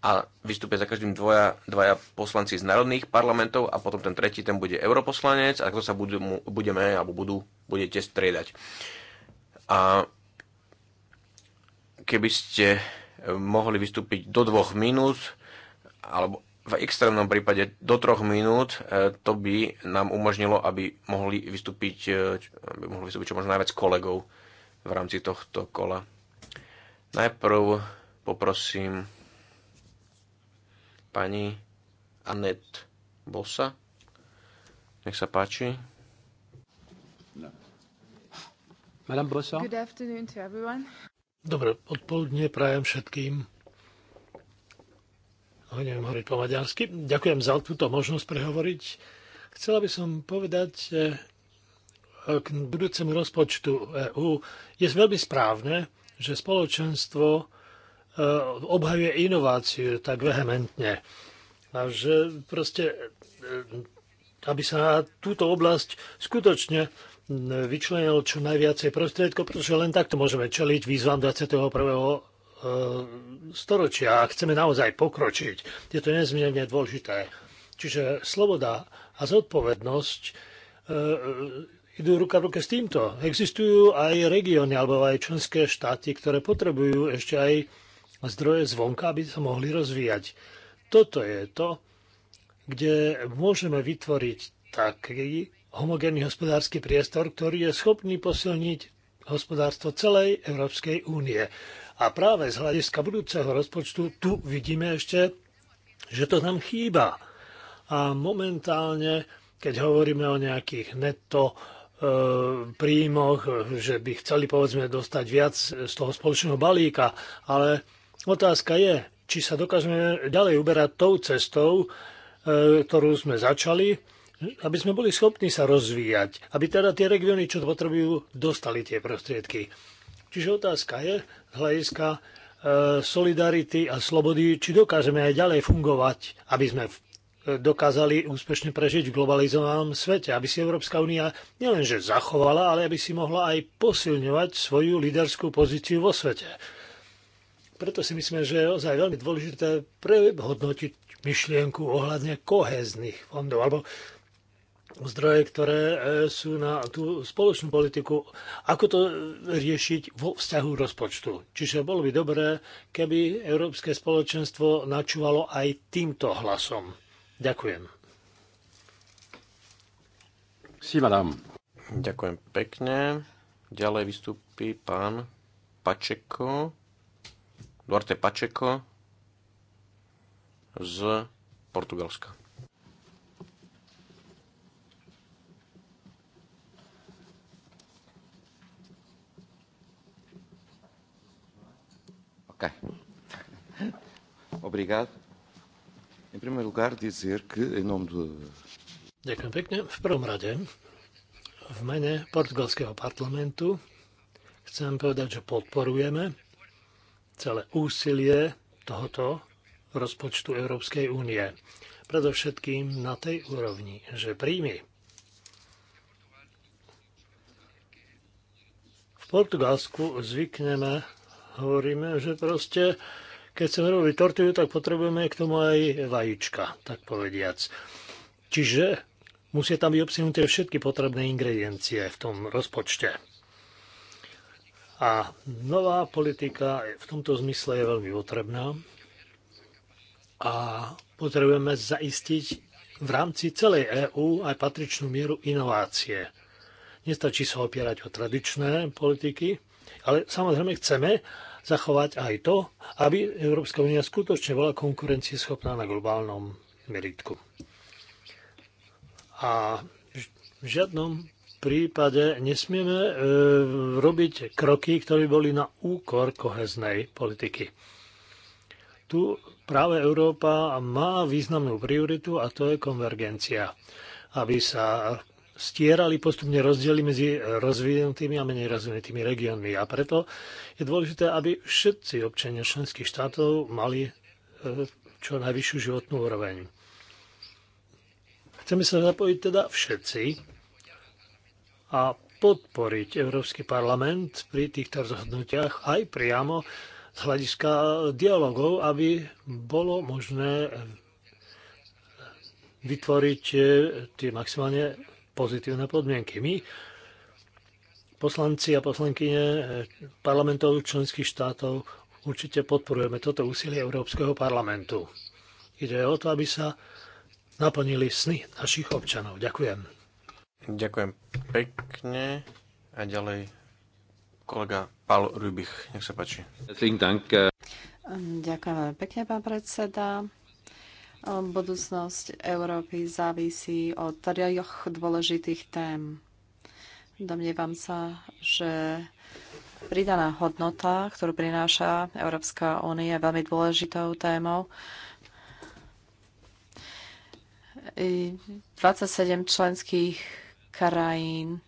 a vystúpia za každým dvoja, dvaja poslanci z národných parlamentov a potom ten tretí, ten bude europoslanec a to sa budeme, budeme alebo budú, budete striedať. A keby ste e, mohli vystúpiť do dvoch minút alebo v extrémnom prípade do troch minút, e, to by nám umožnilo, aby mohli vystúpiť, e, aby mohli vystúpiť čo možno najviac kolegov v rámci tohto kola. Najprv poprosím pani Anet Bosa. Nech sa páči. No. Madame Bosa. Good afternoon to everyone. Dobre, odpoludne prajem všetkým. No, neviem hovoriť po maďarsky. Ďakujem za túto možnosť prehovoriť. Chcela by som povedať k budúcemu rozpočtu EÚ. Je veľmi správne, že spoločenstvo e, obhajuje inováciu tak vehementne. A že proste, e, aby sa na túto oblasť skutočne e, vyčlenil čo najviacej prostriedkov, pretože len takto môžeme čeliť výzvam 21. storočia a chceme naozaj pokročiť. Je to nezmierne dôležité. Čiže sloboda a zodpovednosť idú ruka v ruke s týmto. Existujú aj regióny alebo aj členské štáty, ktoré potrebujú ešte aj zdroje zvonka, aby sa mohli rozvíjať. Toto je to, kde môžeme vytvoriť taký homogénny hospodársky priestor, ktorý je schopný posilniť hospodárstvo celej Európskej únie. A práve z hľadiska budúceho rozpočtu tu vidíme ešte, že to nám chýba. A momentálne, keď hovoríme o nejakých netto E, príjmoch, že by chceli povedzme dostať viac z toho spoločného balíka, ale otázka je, či sa dokážeme ďalej uberať tou cestou, e, ktorú sme začali, aby sme boli schopní sa rozvíjať, aby teda tie regióny, čo potrebujú, dostali tie prostriedky. Čiže otázka je z hľadiska e, solidarity a slobody, či dokážeme aj ďalej fungovať, aby sme dokázali úspešne prežiť v globalizovanom svete, aby si Európska únia nielenže zachovala, ale aby si mohla aj posilňovať svoju líderskú pozíciu vo svete. Preto si myslím, že je ozaj veľmi dôležité prehodnotiť myšlienku ohľadne kohezných fondov alebo zdroje, ktoré e, sú na tú spoločnú politiku. Ako to riešiť vo vzťahu rozpočtu? Čiže bolo by dobré, keby Európske spoločenstvo načúvalo aj týmto hlasom Ďakujem. Si, madame. Ďakujem pekne. Ďalej vystúpi pán Pačeko, Duarte Pačeko z Portugalska. Okay. <laughs> Obrigado. Ďakujem pekne. V prvom rade, v mene portugalského parlamentu chcem povedať, že podporujeme celé úsilie tohoto rozpočtu Európskej únie. Predovšetkým na tej úrovni, že príjmy v Portugalsku zvykneme, hovoríme, že proste keď chceme robiť tortilu, tak potrebujeme k tomu aj vajíčka, tak povediac. Čiže musia tam byť obsiahnuté všetky potrebné ingrediencie v tom rozpočte. A nová politika v tomto zmysle je veľmi potrebná a potrebujeme zaistiť v rámci celej EÚ aj patričnú mieru inovácie. Nestačí sa opierať o tradičné politiky, ale samozrejme chceme, zachovať aj to, aby Európska únia skutočne bola konkurencieschopná na globálnom meritku. A v žiadnom prípade nesmieme e, robiť kroky, ktoré boli na úkor koheznej politiky. Tu práve Európa má významnú prioritu a to je konvergencia, aby sa stierali postupne rozdiely medzi rozvinutými a menej rozvinutými regiónmi. A preto je dôležité, aby všetci občania členských štátov mali e, čo najvyššiu životnú úroveň. Chceme sa zapojiť teda všetci a podporiť Európsky parlament pri týchto rozhodnutiach aj priamo z hľadiska dialogov, aby bolo možné vytvoriť e, tie maximálne pozitívne podmienky. My, poslanci a poslankyne eh, parlamentov členských štátov, určite podporujeme toto úsilie Európskeho parlamentu. Ide o to, aby sa naplnili sny našich občanov. Ďakujem. Ďakujem pekne. A ďalej kolega Paul Rubich. Nech sa páči. Äh, Ďakujem veľmi pekne, pán predseda. Budúcnosť Európy závisí od troch dôležitých tém. Domnievam sa, že pridaná hodnota, ktorú prináša Európska únia, je veľmi dôležitou témou. 27 členských krajín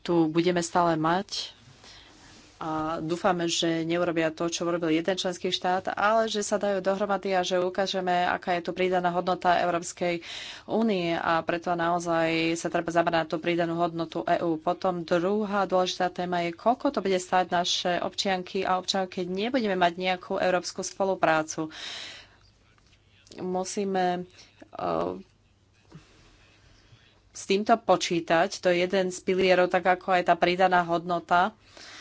tu budeme stále mať a dúfame, že neurobia to, čo urobil jeden členský štát, ale že sa dajú dohromady a že ukážeme, aká je tu pridaná hodnota Európskej únie a preto naozaj sa treba zamerať na tú pridanú hodnotu EÚ. Potom druhá dôležitá téma je, koľko to bude stáť naše občianky a občanky, keď nebudeme mať nejakú európsku spoluprácu. Musíme eh, s týmto počítať. To je jeden z pilierov, tak ako aj tá pridaná hodnota. Uh,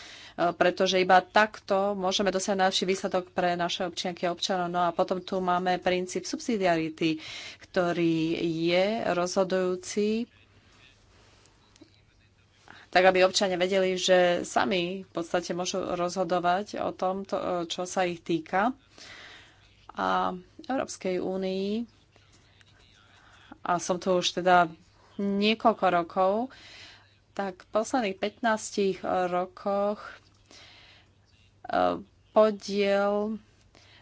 pretože iba takto môžeme dosiahnuť najlepší výsledok pre naše občianky a občanov. No a potom tu máme princíp subsidiarity, ktorý je rozhodujúci tak aby občania vedeli, že sami v podstate môžu rozhodovať o tom, to, čo sa ich týka. A Európskej únii, a som tu už teda niekoľko rokov, tak v posledných 15 rokoch podiel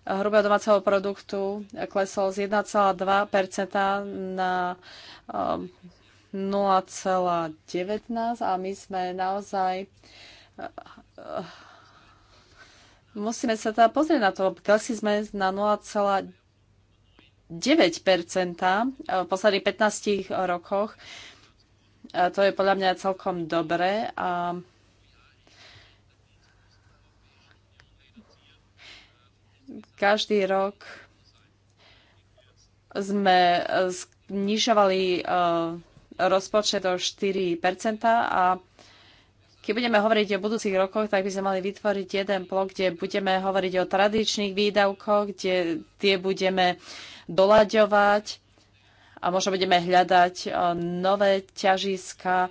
hrubého domáceho produktu klesol z 1,2 na 0,19 um, a my sme naozaj uh, musíme sa teda pozrieť na to, klesli sme na 0,9 uh, v posledných 15 rokoch. To je podľa mňa celkom dobré a Každý rok sme eh, znižovali eh, rozpočet o 4 a keď budeme hovoriť o budúcich rokoch, tak by sme mali vytvoriť jeden blok, kde budeme hovoriť o tradičných výdavkoch, kde tie budeme dolaďovať a možno budeme hľadať e, nové ťažiska, e,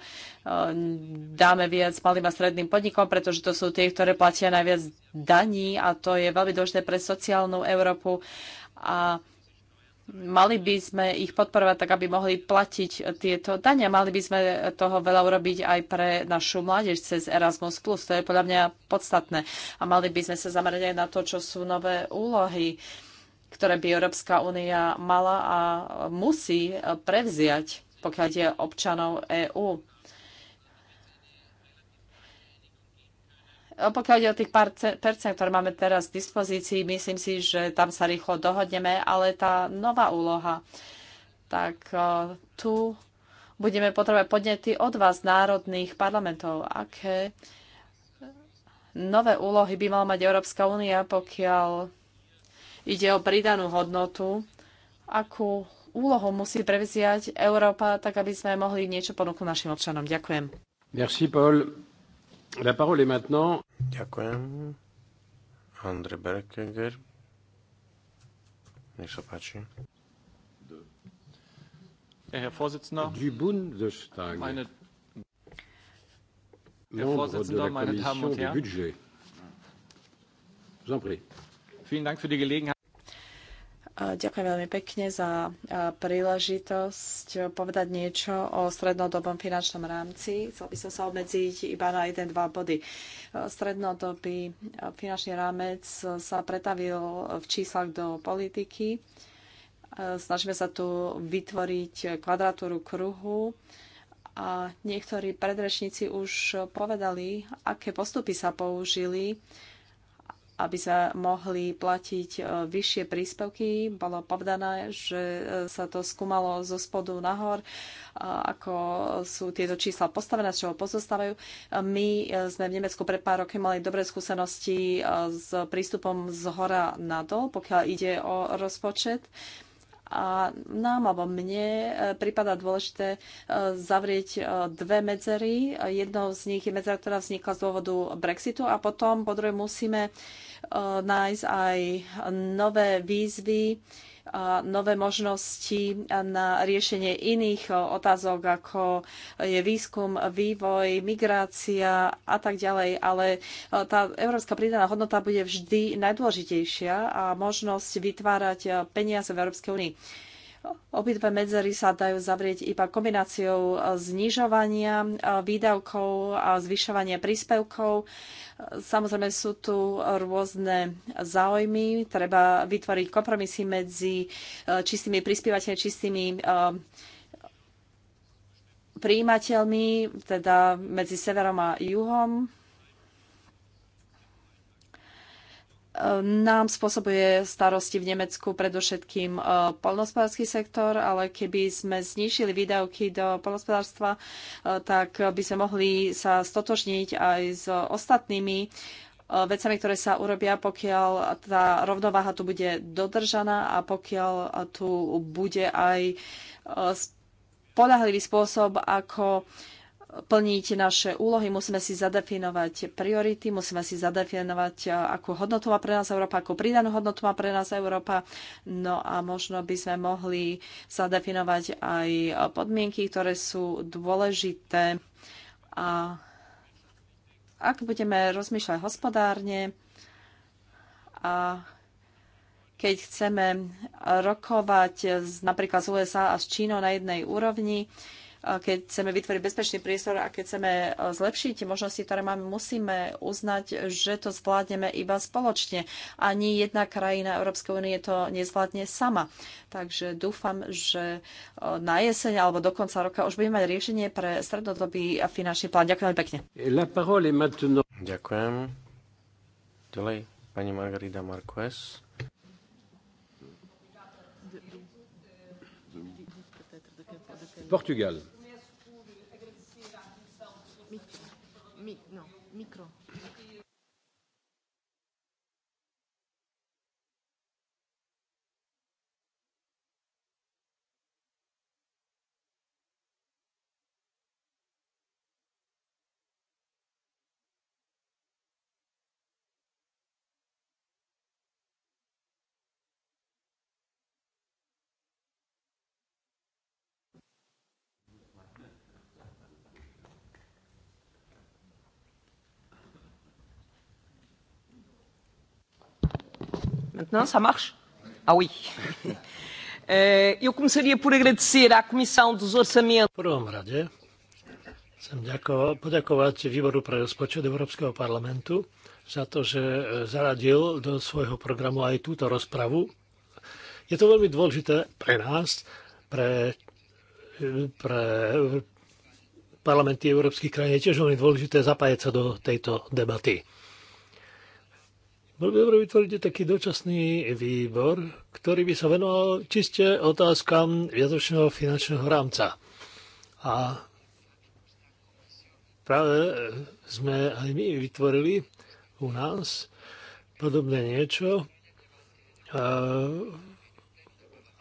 dáme viac malým a stredným podnikom, pretože to sú tie, ktoré platia najviac daní a to je veľmi dôležité pre sociálnu Európu a Mali by sme ich podporovať tak, aby mohli platiť tieto dania. Mali by sme toho veľa urobiť aj pre našu mládež cez Erasmus+. To je podľa mňa podstatné. A mali by sme sa zamerať aj na to, čo sú nové úlohy. Uh, ktoré by Európska únia mala a musí prevziať, pokiaľ je občanov EÚ. Pokiaľ ide o tých pár percent, ktoré máme teraz v dispozícii, myslím si, že tam sa rýchlo dohodneme, ale tá nová úloha, tak tu budeme potrebovať podnety od vás, národných parlamentov. Aké nové úlohy by mala mať Európska únia, pokiaľ Ide o pridanú hodnotu, akú úlohu musí prevziať Európa, tak aby sme mohli niečo ponúknuť našim občanom. Ďakujem. Merci, Paul. La parole est maintenant... Ďakujem. André Berkeger. Nech sa páči. Herr Vorsitzender, du Bundestag, meine, Herr Vorsitzender, meine Damen und Herren, vielen Dank für die Gelegenheit. Ďakujem veľmi pekne za príležitosť povedať niečo o strednodobom finančnom rámci. Chcel by som sa obmedziť iba na jeden, dva body. Strednodobý finančný rámec sa pretavil v číslach do politiky. Snažíme sa tu vytvoriť kvadratúru kruhu a niektorí predrečníci už povedali, aké postupy sa použili aby sa mohli platiť e, vyššie príspevky. Bolo povedané, že e, sa to skúmalo zo spodu nahor, e, ako sú tieto čísla postavené, z čoho pozostávajú. My sme v Nemecku pred pár roky mali dobré skúsenosti s prístupom z hora na dol, pokiaľ ide o rozpočet. A nám alebo mne e, prípada dôležité e, zavrieť e, dve medzery. Jednou z nich je medzera, ktorá vznikla z dôvodu Brexitu a potom po druhé musíme nájsť aj nové výzvy nové možnosti na riešenie iných e, otázok, ako je výskum, vývoj, migrácia a tak ďalej. Ale e, tá európska pridaná hodnota bude vždy najdôležitejšia a možnosť vytvárať e, peniaze v Európskej únii. Obidve medzery sa dajú zavrieť iba kombináciou e, znižovania e, výdavkov a zvyšovania príspevkov. E, samozrejme sú tu rôzne záujmy. Treba vytvoriť kompromisy medzi čistými prispievateľmi, čistými príjimateľmi, teda medzi severom a juhom nám spôsobuje starosti v Nemecku predovšetkým e, polnospodársky sektor, ale keby sme znižili výdavky do polnospodárstva, e, tak by sme mohli sa stotožniť aj s ostatnými e, vecami, ktoré sa urobia, pokiaľ tá rovnováha tu bude dodržaná a pokiaľ tu bude aj spolahlivý spôsob, ako uh, plniť naše úlohy, musíme si zadefinovať priority, musíme si zadefinovať, akú hodnotu má pre nás Európa, akú pridanú hodnotu má pre nás Európa. No a možno by sme mohli zadefinovať aj podmienky, ktoré sú dôležité. A ak budeme rozmýšľať hospodárne a keď chceme rokovať napríklad z USA a s Čínou na jednej úrovni, keď chceme vytvoriť bezpečný priestor a keď chceme e, zlepšiť možnosti, ktoré máme, musíme uznať, že to zvládneme iba spoločne. Ani jedna krajina Európskej únie to nezvládne sama. Takže dúfam, že e, na jeseň alebo do konca roka už budeme mať riešenie pre strednodobý finančný plán. Ďakujem pekne. Ďakujem. Ďalej pani Margarida Marquez. Portugal. Maintenant, ça marche Ah oui. Eu começaria por agradecer à Comissão dos Orçamentos. V prvom rade chcem ďako, poďakovať Výboru pre rozpočet Európskeho parlamentu za to, že e, zaradil do svojho programu aj túto rozpravu. Je to veľmi dôležité pre nás, pre, e, pre parlamenty európskych krajín. Je tiež veľmi dôležité zapájať sa do tejto debaty. Bolo by dobre vytvoriť taký dočasný výbor, ktorý by sa venoval čiste otázkam viatočného finančného rámca. A práve sme aj my vytvorili u nás podobné niečo.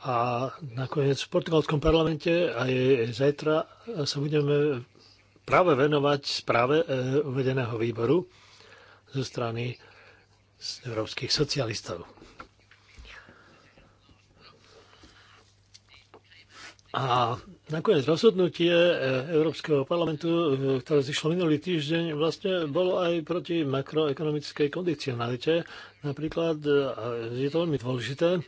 A nakoniec v portugalskom parlamente aj zajtra sa budeme práve venovať správe e, uvedeného výboru zo strany z európskych socialistov. A nakoniec rozhodnutie e, Európskeho parlamentu, e, ktoré zišlo minulý týždeň, vlastne bolo aj proti makroekonomickej kondicionalite. Napríklad e, je to veľmi dôležité,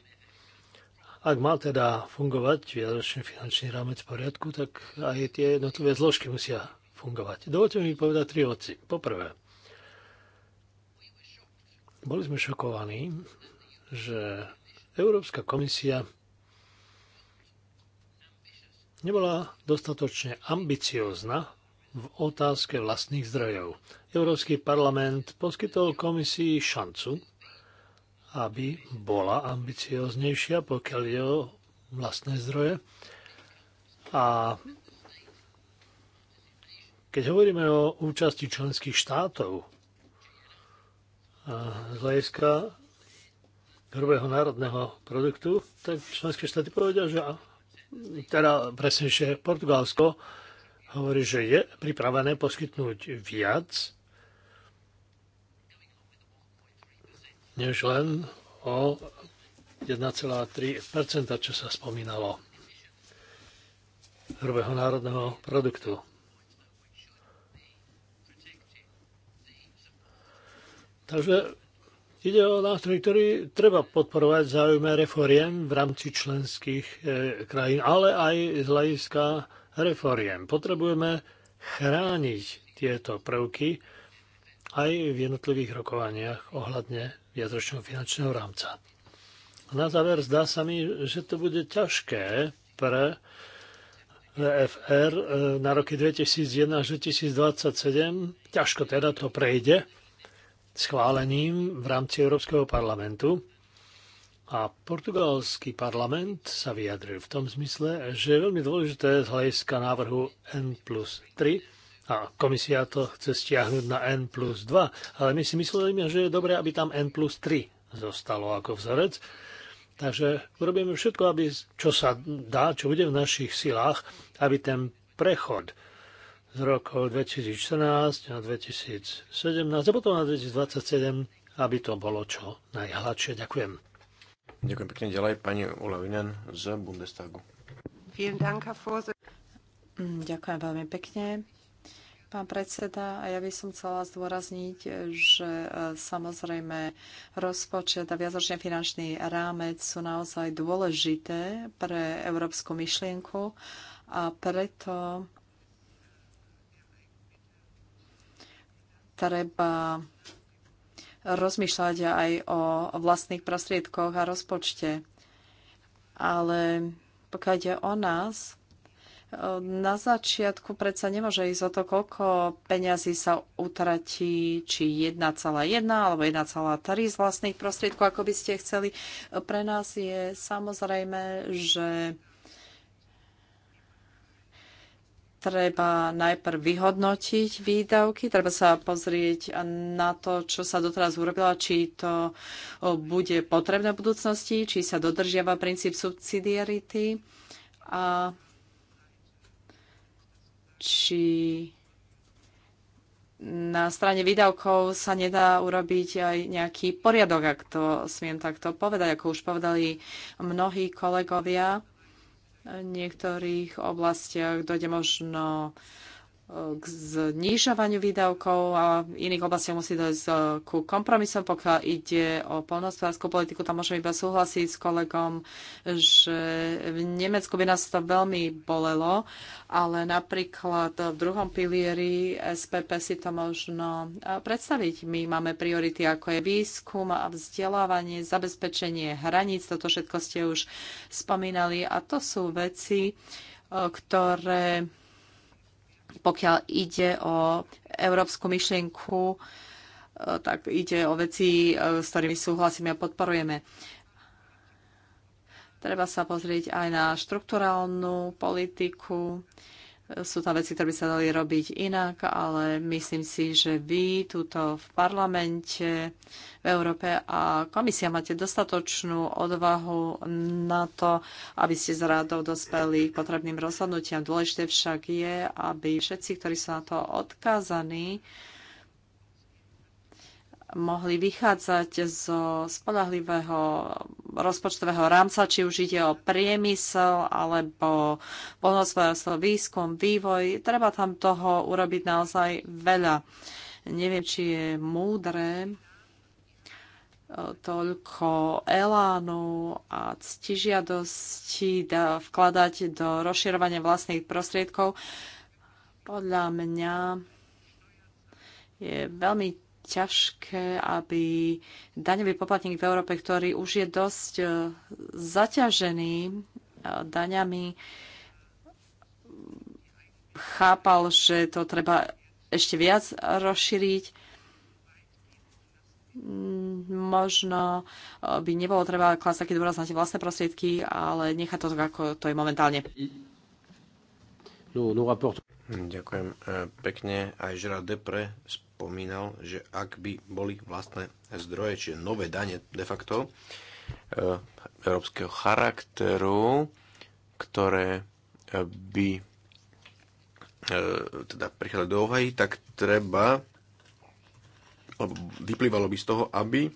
ak má teda fungovať viadočný finančný rámec v poriadku, tak aj tie jednotlivé zložky musia fungovať. Dovolte mi povedať tri oci. Poprvé, boli sme šokovaní, že Európska komisia nebola dostatočne ambiciózna v otázke vlastných zdrojov. Európsky parlament poskytol komisii šancu, aby bola ambicioznejšia, pokiaľ je o vlastné zdroje. A keď hovoríme o účasti členských štátov z hľadiska hrubého národného produktu, tak členské štáty povedia, že teda presnejšie Portugalsko hovorí, že je pripravené poskytnúť viac než len o 1,3 čo sa spomínalo hrubého národného produktu. Takže ide o nástroj, ktorý treba podporovať v záujme reforiem v rámci členských e, krajín, ale aj z hľadiska reforiem. Potrebujeme chrániť tieto prvky aj v jednotlivých rokovaniach ohľadne viacročného finančného rámca. Na záver zdá sa mi, že to bude ťažké pre VFR e, na roky 2001 až 2027. Ťažko teda to prejde schváleným v rámci Európskeho parlamentu. A portugalský parlament sa vyjadril v tom zmysle, že je veľmi dôležité z hľadiska návrhu N plus 3 a komisia to chce stiahnuť na N plus 2, ale my si myslíme, že je dobré, aby tam N plus 3 zostalo ako vzorec. Takže urobíme všetko, aby čo sa dá, čo bude v našich silách, aby ten prechod z rokov 2014 na 2017 a potom na 2027, aby to bolo čo najhladšie. Ďakujem. Ďakujem pekne ďalej pani Vinen z Bundestagu. Mm, ďakujem veľmi pekne. Pán predseda, a ja by som chcela zdôrazniť, že e, samozrejme rozpočet a viacročný finančný rámec sú naozaj dôležité pre európsku myšlienku a preto treba rozmýšľať aj o vlastných prostriedkoch a rozpočte. Ale pokiaľ ide o nás, na začiatku predsa nemôže ísť o to, koľko peňazí sa utratí, či 1,1 alebo 1,3 z vlastných prostriedkov, ako by ste chceli. Pre nás je samozrejme, že treba najprv vyhodnotiť výdavky, treba sa pozrieť na to, čo sa doteraz urobilo, či to bude potrebné v budúcnosti, či sa dodržiava princíp subsidiarity a či na strane výdavkov sa nedá urobiť aj nejaký poriadok, ak to smiem takto povedať, ako už povedali mnohí kolegovia niektorých oblastiach dojde možno k znižovaniu výdavkov a v iných oblastiach musí dojsť e, ku kompromisom. Pokiaľ ide o polnohospodárskú politiku, tam môžem iba súhlasiť s kolegom, že v Nemecku by nás to veľmi bolelo, ale napríklad v druhom pilieri SPP si to možno e, predstaviť. My máme priority ako je výskum a vzdelávanie, zabezpečenie hraníc, toto všetko ste už spomínali a to sú veci, e, ktoré pokiaľ ide o európsku myšlienku, e, tak ide o veci, e, s ktorými súhlasíme a podporujeme. Treba sa pozrieť aj na štrukturálnu politiku, sú tam veci, ktoré by sa dali robiť inak, ale myslím si, že vy tuto v parlamente v Európe a komisia máte dostatočnú odvahu na to, aby ste z rádou dospeli k potrebným rozhodnutiam. Dôležité však je, aby všetci, ktorí sú na to odkázaní, mohli vychádzať zo spolahlivého rozpočtového rámca, či už ide o priemysel alebo poľnohospodárstvo, výskum, vývoj. Treba tam toho urobiť naozaj veľa. Neviem, či je múdre e, toľko elánu a ctižiadosti dá vkladať do rozširovania vlastných prostriedkov. Podľa mňa je veľmi ťažké, aby daňový poplatník v Európe, ktorý už je dosť e, zaťažený e, daňami, chápal, že to treba ešte viac rozšíriť. Možno e, by nebolo treba klásť taký dôraz na tie vlastné prostriedky, ale nechať to tak, ako to je momentálne. No, no, hm, ďakujem pekne. Aj Žera Depre, spomínal, že ak by boli vlastné zdroje, čiže nové dane de facto eh, európskeho charakteru, ktoré eh, by eh, teda prichádzali do úvahy, tak treba vyplývalo by z toho, aby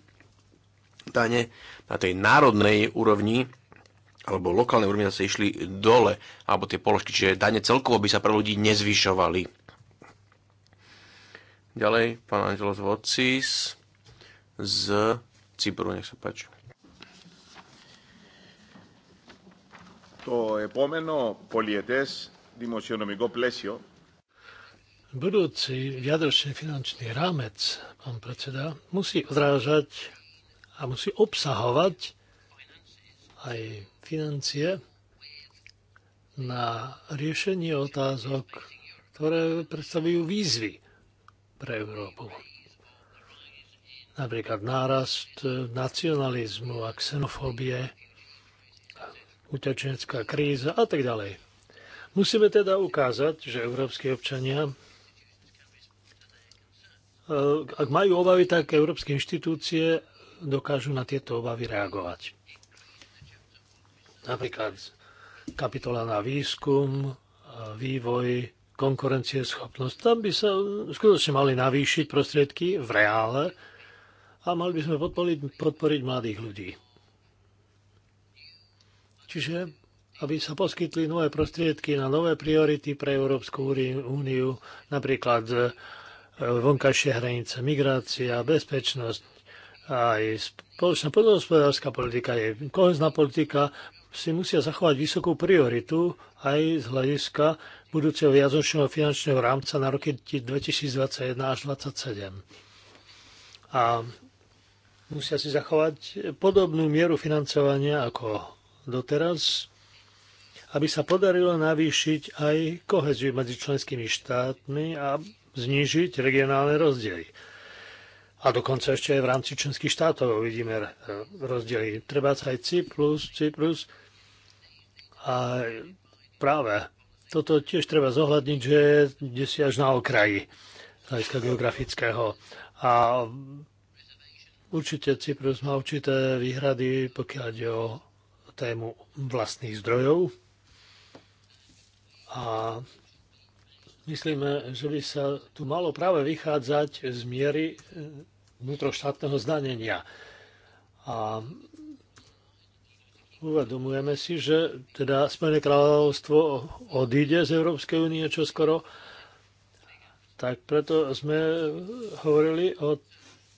dane na tej národnej úrovni alebo lokálne úrovni sa išli dole, alebo tie položky, čiže dane celkovo by sa pre ľudí nezvyšovali Ďalej, pán Angelos Vocis z Cypru, nech sa páči. To pomeno polietes δημοσιονομικό plesio. Budúci viadročný finančný rámec, pán predseda, musí odrážať a musí obsahovať aj financie na riešenie otázok, ktoré predstavujú výzvy pre Európu. Napríklad nárast e, nacionalizmu a xenofóbie, utečenecká kríza a tak ďalej. Musíme teda ukázať, že európsky občania e, ak majú obavy, tak európske inštitúcie dokážu na tieto obavy reagovať. Napríklad kapitola na výskum, e, vývoj, konkurencieschopnosť. Tam by sa skutočne mali navýšiť prostriedky v reále a mali by sme podporiť, podporiť mladých ľudí. Čiže aby sa poskytli nové prostriedky na nové priority pre Európsku úniu, napríklad e, vonkajšie hranice, migrácia, bezpečnosť, aj spoločná podhospodárska politika, je kohezná politika, si musia zachovať vysokú prioritu aj z hľadiska budúceho viacročného finančného rámca na roky 2021 až 2027. A musia si zachovať podobnú mieru financovania ako doteraz, aby sa podarilo navýšiť aj koheziu medzi členskými štátmi a znížiť regionálne rozdiely. A dokonca ešte aj v rámci členských štátov vidíme rozdiely. Treba aj Cyprus, Cyprus a práve toto tiež treba zohľadniť, že je si až na okraji hľadiska geografického. A určite Cyprus má určité výhrady, pokiaľ ide o tému vlastných zdrojov. A myslíme, že by sa tu malo práve vychádzať z miery vnútroštátneho zdanenia. A Uvedomujeme si, že teda Spojené kráľovstvo odíde z Európskej únie čoskoro, tak preto sme hovorili o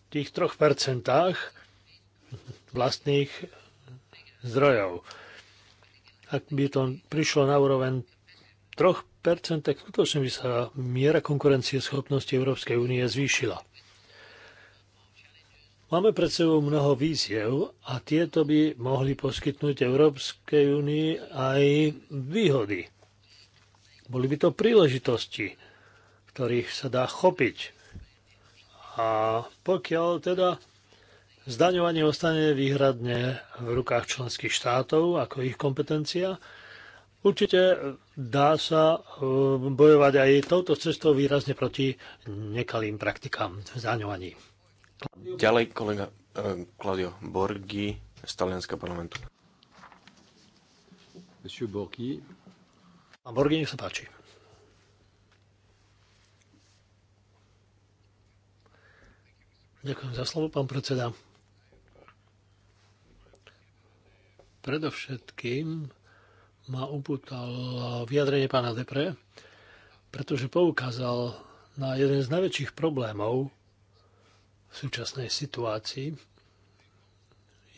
tých troch percentách vlastných zdrojov. Ak by to prišlo na úroveň 3%, tak skutočne by sa miera konkurencie schopnosti Európskej únie zvýšila. Máme pred sebou mnoho výziev a tieto by mohli poskytnúť Európskej únii aj výhody. Boli by to príležitosti, ktorých sa dá chopiť. A pokiaľ teda zdaňovanie ostane výhradne v rukách členských štátov ako ich kompetencia, určite dá sa e, bojovať aj touto cestou výrazne proti nekalým praktikám zdaňovaní. Ďalej kolega eh, Claudio Borghi z talianského parlamentu. Monsieur Borghi. Pán Borghi, nech sa páči. Ďakujem za slovo, pán predseda. Predovšetkým ma upútal vyjadrenie pána Depre, pretože poukázal na jeden z najväčších problémov, v súčasnej situácii.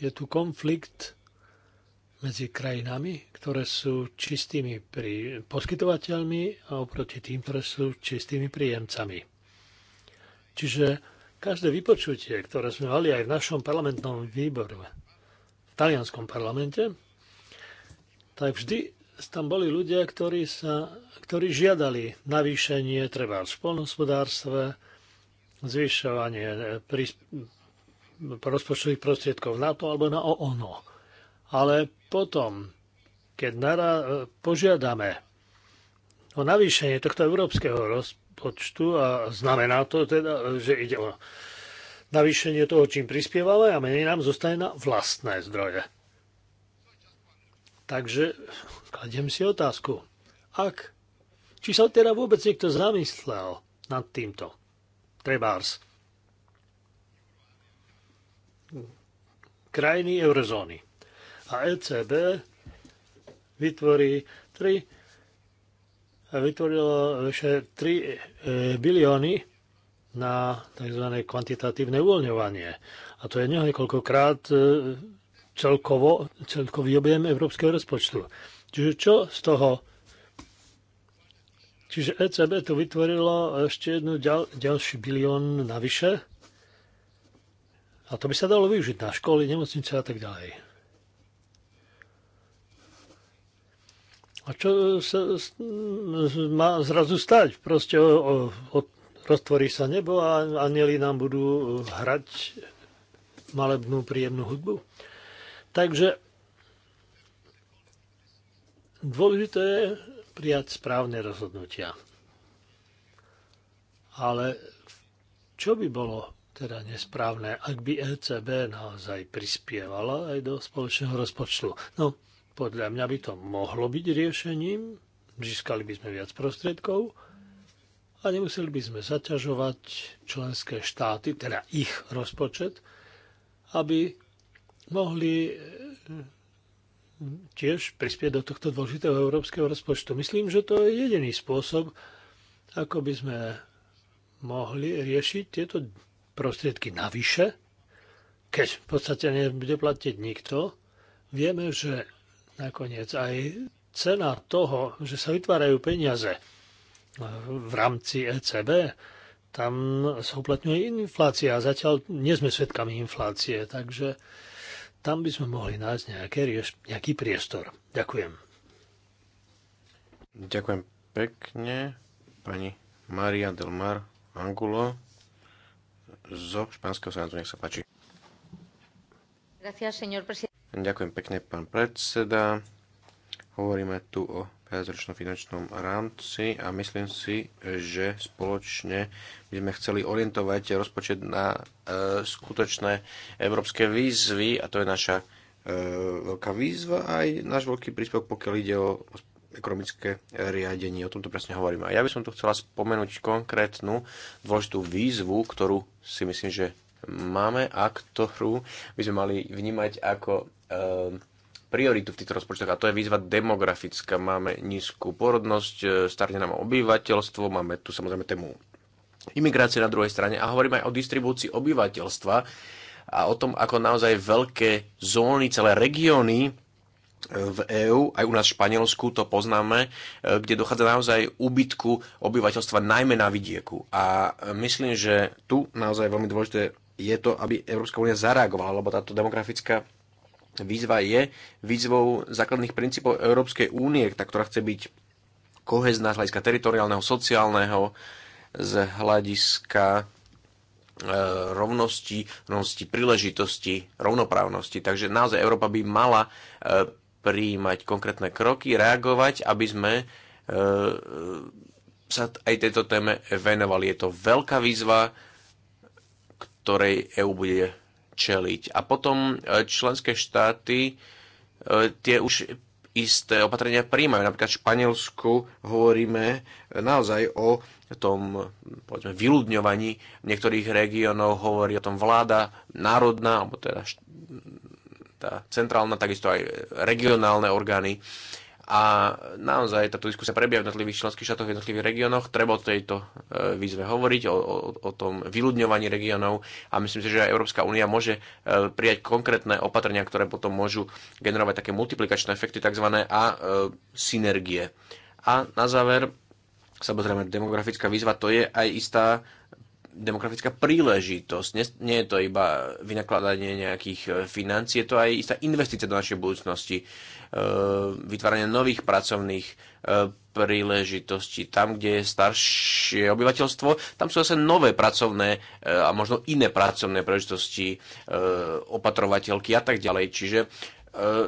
Je tu konflikt medzi krajinami, ktoré sú čistými prí... poskytovateľmi a oproti tým, ktoré sú čistými príjemcami. Čiže každé vypočutie, ktoré sme mali aj v našom parlamentnom výbore, v talianskom parlamente, tak vždy tam boli ľudia, ktorí, sa, ktorí žiadali navýšenie treba v spolnohospodárstve, zvyšovanie e, rozpočtových prostriedkov na to alebo na ono. Ale potom, keď nara, e, požiadame o navýšenie tohto európskeho rozpočtu a znamená to teda, že ide o navýšenie toho, čím prispievame a menej nám zostane na vlastné zdroje. Takže kladiem si otázku. Ak, či sa teda vôbec niekto zamyslel nad týmto? Trebárs. Krajiny eurozóny. A ECB vytvorí 3 vytvorilo vyše 3 e, bilióny na tzv. kvantitatívne uvoľňovanie. A to je niekoľkokrát e, celkovo, celkový objem európskeho rozpočtu. Čiže čo z toho Čiže ECB tu vytvorilo ešte jednu ďal, ďalší bilión navyše. A to by sa dalo využiť na školy, nemocnice a tak ďalej. A čo sa má zrazu stať? Proste o, o, roztvorí sa nebo a anieli nám budú hrať malebnú príjemnú hudbu. Takže dôležité je prijať správne rozhodnutia. Ale čo by bolo teda nesprávne, ak by ECB naozaj prispievala aj do spoločného rozpočtu? No, podľa mňa by to mohlo byť riešením, získali by sme viac prostriedkov a nemuseli by sme zaťažovať členské štáty, teda ich rozpočet, aby mohli tiež prispieť do tohto dôležitého európskeho rozpočtu. Myslím, že to je jediný spôsob, ako by sme mohli riešiť tieto prostriedky navyše, keď v podstate nebude platiť nikto. Vieme, že nakoniec aj cena toho, že sa vytvárajú peniaze v rámci ECB, tam sa uplatňuje inflácia. Zatiaľ nie sme svedkami inflácie, takže tam by sme mohli nájsť nejaké rieš, nejaký priestor. Ďakujem. Ďakujem pekne pani Maria del Mar Angulo zo Španského senátu. Nech sa páči. Gracias, señor Ďakujem pekne, pán predseda. Hovoríme tu o 5-ročnom finančnom rámci a myslím si, že spoločne by sme chceli orientovať rozpočet na e, skutočné európske výzvy a to je naša e, veľká výzva a aj náš veľký príspevok, pokiaľ ide o ekonomické riadenie. O tomto presne hovorím. A ja by som tu chcela spomenúť konkrétnu dôležitú výzvu, ktorú si myslím, že máme a ktorú by sme mali vnímať ako e, prioritu v týchto rozpočtoch a to je výzva demografická. Máme nízku porodnosť, e, starne nám obyvateľstvo, máme tu samozrejme tému imigrácie na druhej strane a hovoríme aj o distribúcii obyvateľstva a o tom, ako naozaj veľké zóny, celé regióny e, v EÚ, aj u nás v Španielsku to poznáme, e, kde dochádza naozaj úbytku obyvateľstva najmä na vidieku. A myslím, že tu naozaj veľmi dôležité je to, aby Európska únia zareagovala, lebo táto demografická výzva je výzvou základných princípov Európskej únie, ktorá chce byť kohezná z hľadiska teritoriálneho, sociálneho, z hľadiska e, rovnosti, rovnosti príležitosti, rovnoprávnosti. Takže naozaj Európa by mala e, prijímať konkrétne kroky, reagovať, aby sme e, sa aj tejto téme venovali. Je to veľká výzva, ktorej EU bude čeliť. A potom e, členské štáty e, tie už isté opatrenia príjmajú. Napríklad v Španielsku hovoríme e, naozaj o tom povedzme, vyľudňovaní niektorých regiónov, hovorí o tom vláda národná, alebo teda tá centrálna, takisto aj regionálne orgány. A naozaj táto diskusia prebieha v jednotlivých členských štátoch, v jednotlivých regiónoch. Treba o tejto e, výzve hovoriť, o, o, o tom vyľudňovaní regiónov a myslím si, že aj Európska únia môže e, prijať konkrétne opatrenia, ktoré potom môžu generovať také multiplikačné efekty tzv. a e, synergie. A na záver, samozrejme, demografická výzva to je aj istá demografická príležitosť. Nie, nie je to iba vynakladanie nejakých financí, je to aj istá investícia do našej budúcnosti. E, vytvárania nových pracovných e, príležitostí. Tam, kde je staršie obyvateľstvo, tam sú zase nové pracovné e, a možno iné pracovné príležitosti, opatrovateľky a tak ďalej. Čiže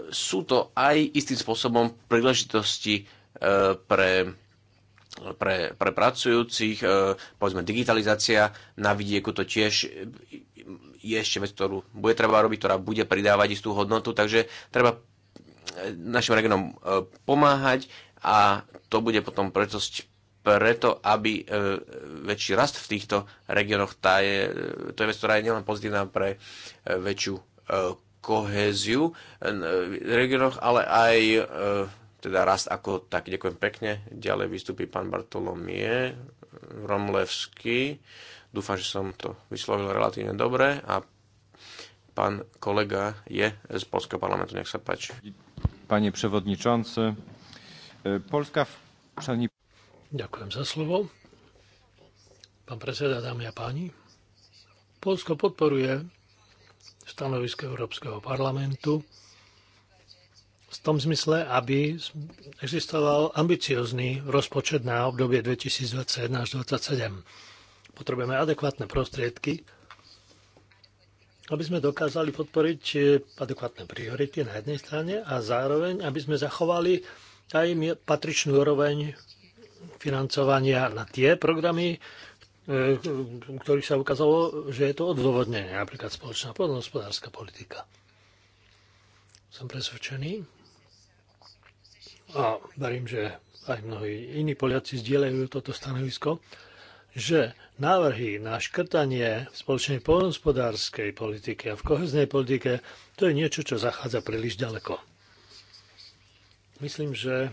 sú to aj istým spôsobom príležitosti pre pre, pre pracujúcich, povedzme digitalizácia na vidieku to tiež je ešte vec, ktorú bude treba robiť, ktorá bude pridávať istú hodnotu, takže treba našim regionom e, pomáhať a to bude potom preto preto, aby e, väčší rast v týchto regiónoch, tá je, e, to je vec, ktorá je nielen pozitívna pre väčšiu kohéziu v regiónoch, ale aj teda rast ako tak. Ďakujem pekne. Ďalej vystúpi pán Bartolomie Romlevský. Dúfam, že som to vyslovil relatívne dobre a pán kolega je z Polského parlamentu. Nech sa páči panie przewodniczący. E, Polska v... Ďakujem za slovo. Pan prezydent, dámy a pani. Polsko podporuje stanovisko Európskeho parlamentu v tom zmysle, aby existoval ambiciozný rozpočet na obdobie 2021 až 2027. Potrebujeme adekvátne prostriedky aby sme dokázali podporiť e, adekvátne priority na jednej strane a zároveň, aby sme zachovali aj patričnú úroveň financovania na tie programy, u e, ktorých sa ukázalo, že je to odôvodnenie, napríklad spoločná poľnohospodárska politika. Som presvedčený a verím, že aj mnohí iní Poliaci zdieľajú toto stanovisko, že návrhy na škrtanie v spoločnej poľnohospodárskej politike a v koheznej politike to je niečo, čo zachádza príliš ďaleko. Myslím, že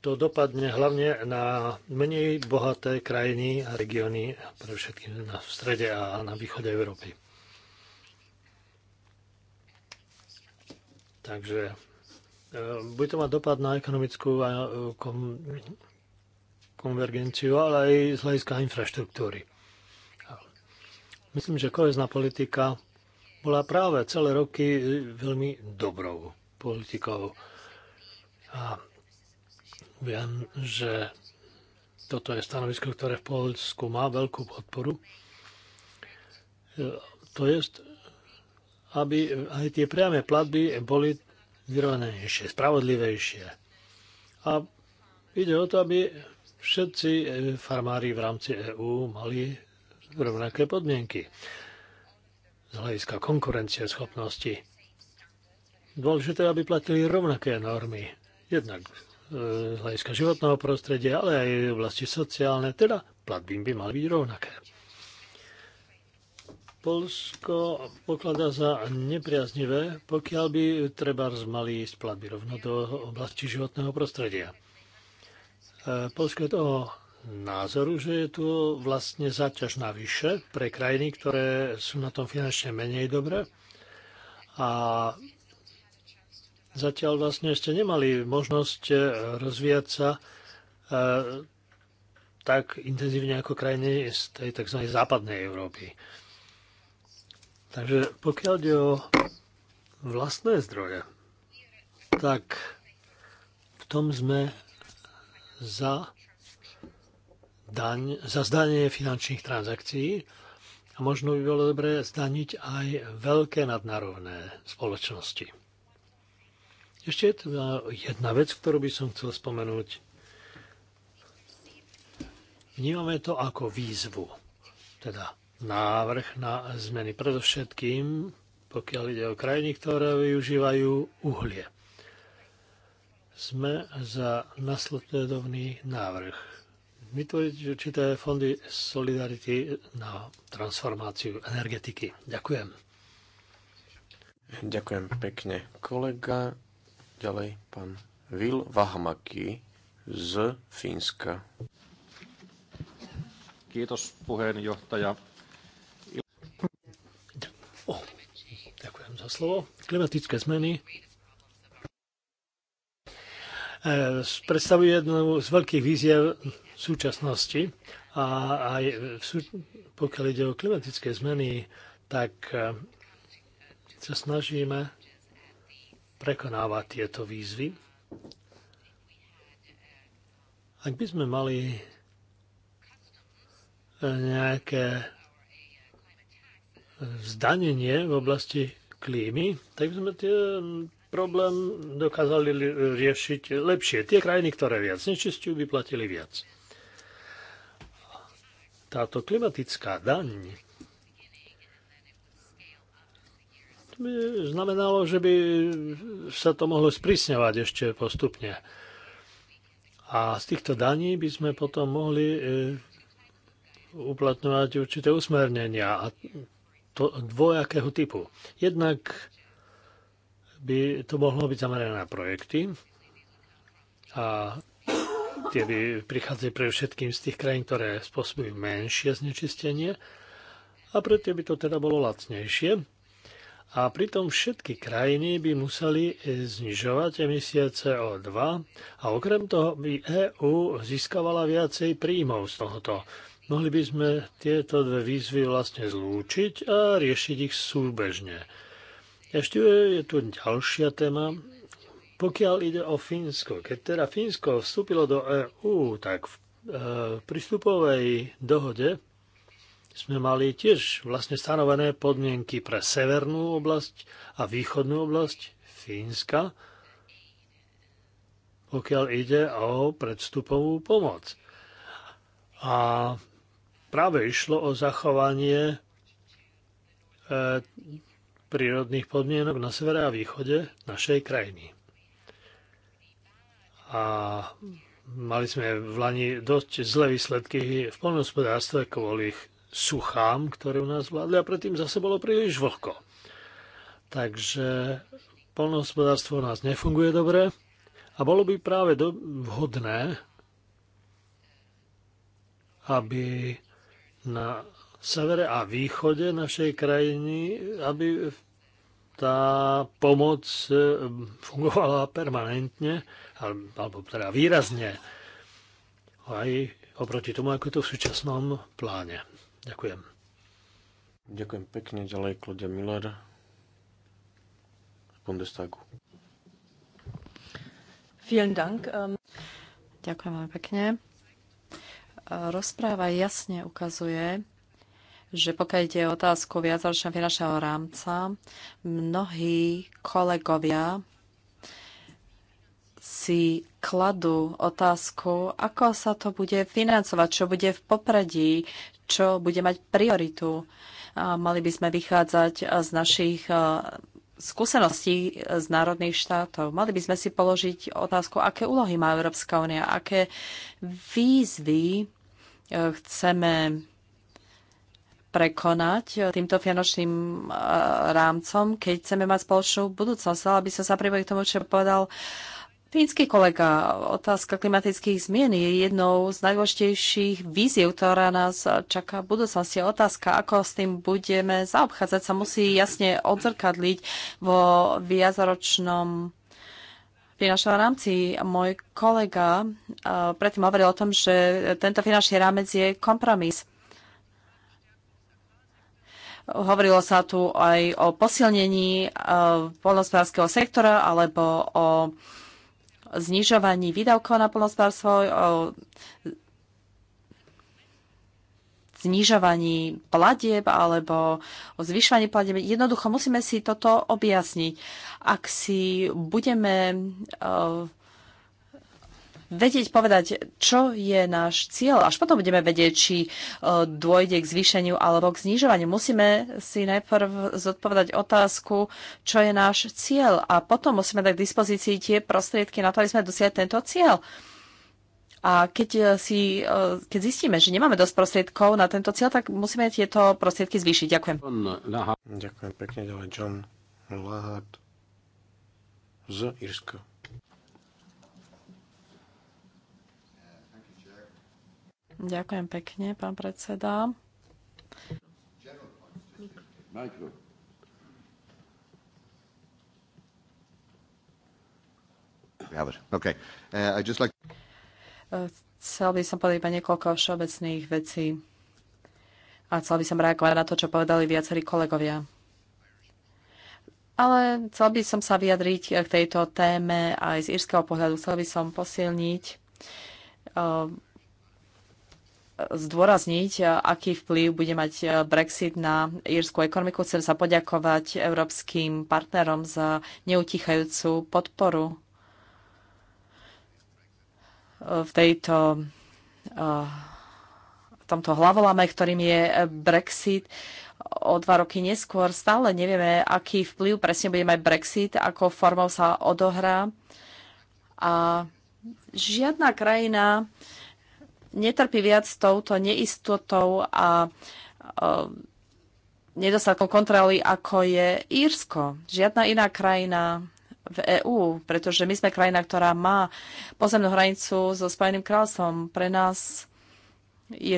to dopadne hlavne na menej bohaté krajiny a regióny, pre všetkým na strede a na východe Európy. Takže e, bude to mať dopad na ekonomickú e, konvergenciu, ale aj z hľadiska infraštruktúry. Myslím, že kohezná politika bola práve celé roky veľmi dobrou politikou. A viem, že toto je stanovisko, ktoré v Polsku má veľkú podporu. To je, aby aj tie priame platby boli vyrovnanejšie, spravodlivejšie. A ide o to, aby všetci e, farmári v rámci EÚ mali rovnaké podmienky z hľadiska konkurencie schopnosti. Dôležité, aby platili rovnaké normy. Jednak e, z hľadiska životného prostredia, ale aj v oblasti sociálne, teda platby by mali byť rovnaké. Polsko pokladá za nepriaznivé, pokiaľ by treba mali ísť platby rovno do oblasti životného prostredia. E, poskyt o toho názoru, že je tu vlastne zaťaž navyše pre krajiny, ktoré sú na tom finančne menej dobre. A zatiaľ vlastne ešte nemali možnosť e, rozvíjať sa e, tak intenzívne ako krajiny z tej tzv. západnej Európy. Takže pokiaľ ide o vlastné zdroje, tak v tom sme za, daň, za zdanie finančných transakcií a možno by bolo dobré zdaniť aj veľké nadnárodné spoločnosti. Ešte je tu jedna vec, ktorú by som chcel spomenúť. Vnímame to ako výzvu, teda návrh na zmeny. Predovšetkým, pokiaľ ide o krajiny, ktoré využívajú uhlie sme za nasledovný návrh. Vytvoriť určité fondy Solidarity na transformáciu energetiky. Ďakujem. Ďakujem pekne. Kolega, ďalej pán Vil Vahmaki z Fínska. Kiitos puheenjohtaja. Oh, ďakujem za slovo. Klimatické zmeny Eh, predstavuje jednu z veľkých víziev súčasnosti a aj v sú- pokiaľ ide o klimatické zmeny, tak eh, sa snažíme prekonávať tieto výzvy. Ak by sme mali eh, nejaké zdanenie v oblasti klímy, tak by sme tie problém dokázali riešiť lepšie. Tie krajiny, ktoré viac nečistujú, by platili viac. Táto klimatická daň by znamenalo, že by sa to mohlo sprísňovať ešte postupne. A z týchto daní by sme potom mohli e, uplatňovať určité usmernenia a to dvojakého typu. Jednak by to mohlo byť zamerané na projekty a tie by prichádzali pre všetkým z tých krajín, ktoré spôsobujú menšie znečistenie a preto by to teda bolo lacnejšie. A pritom všetky krajiny by museli znižovať emisie CO2 a okrem toho by EÚ získavala viacej príjmov z tohoto. Mohli by sme tieto dve výzvy vlastne zlúčiť a riešiť ich súbežne. Ešte je tu ďalšia téma. Pokiaľ ide o Fínsko, keď teda Fínsko vstúpilo do EÚ, tak e, v prístupovej dohode sme mali tiež vlastne stanovené podmienky pre severnú oblasť a východnú oblasť Fínska, pokiaľ ide o predstupovú pomoc. A práve išlo o zachovanie e, prírodných podmienok na severe a východe našej krajiny. A mali sme v Lani dosť zlé výsledky v polnohospodárstve kvôli suchám, ktoré u nás vládli a predtým zase bolo príliš vlhko. Takže poľnohospodárstvo u nás nefunguje dobre a bolo by práve do, vhodné, aby na severe a východe našej krajiny, aby tá pomoc e, fungovala permanentne, alebo teda výrazne, aj oproti tomu, ako je to v súčasnom pláne. Ďakujem. Ďakujem pekne, ďalej Klodia Miller v Bundestagu. Vielen Dank. Ähm. Ďakujem veľmi pekne. Rozpráva jasne ukazuje, že pokiaľ ide o otázku viacročného finančného rámca, mnohí kolegovia si kladú otázku, ako sa to bude financovať, čo bude v popredí, čo bude mať prioritu. A mali by sme vychádzať z našich e, skúseností z národných štátov. Mali by sme si položiť otázku, aké úlohy má Európska únia, aké výzvy e, chceme prekonať eh, týmto finančným eh, rámcom, keď chceme mať spoločnú budúcnosť. Ale aby som sa pripojil k tomu, čo povedal Fínsky kolega, otázka klimatických zmien je jednou z najdôležitejších víziev, ktorá nás čaká v budúcnosti. Otázka, ako s tým budeme zaobchádzať, sa musí jasne odzrkadliť vo viacročnom finančnom rámci. Môj kolega eh, predtým hovoril o tom, že tento finančný rámec je kompromis Hovorilo sa tu aj o posilnení e, polnospodárskeho sektora alebo o znižovaní výdavkov na polnospodárstvo, o znižovaní platieb alebo o zvyšovaní platieb. Jednoducho musíme si toto objasniť. Ak si budeme uh, vedieť povedať, čo je náš cieľ. Až potom budeme vedieť, či e, dôjde k zvýšeniu alebo k znižovaniu. Musíme si najprv zodpovedať otázku, čo je náš cieľ a potom musíme dať k dispozícii tie prostriedky na to, aby sme dosiahli tento cieľ. A keď, e, si, e, keď zistíme, že nemáme dosť prostriedkov na tento cieľ, tak musíme tieto prostriedky zvýšiť. Ďakujem. Ďakujem pekne ďalej, John Lahart z Irska. Ďakujem pekne, pán predseda. Uh, uh, chcel by som povedať iba niekoľko všeobecných vecí a chcel by som reagovať na to, čo povedali viacerí kolegovia. Ale chcel by som sa vyjadriť eh, k tejto téme aj z írskeho pohľadu. Chcel by som posilniť eh, zdôrazniť, e, aký vplyv bude mať e, Brexit na írskú ekonomiku. Chcem sa poďakovať európskym partnerom za neutichajúcu podporu e, v tejto v tomto hlavolame, ktorým je Brexit. O dva roky neskôr stále nevieme, aký vplyv presne bude mať Brexit, ako formou sa odohrá. A žiadna krajina uh, netrpí viac touto neistotou a e, nedostatkom kontroly, ako je Írsko. Žiadna iná krajina v EÚ, pretože my sme krajina, ktorá má pozemnú hranicu so Spojeným kráľstvom. Pre nás je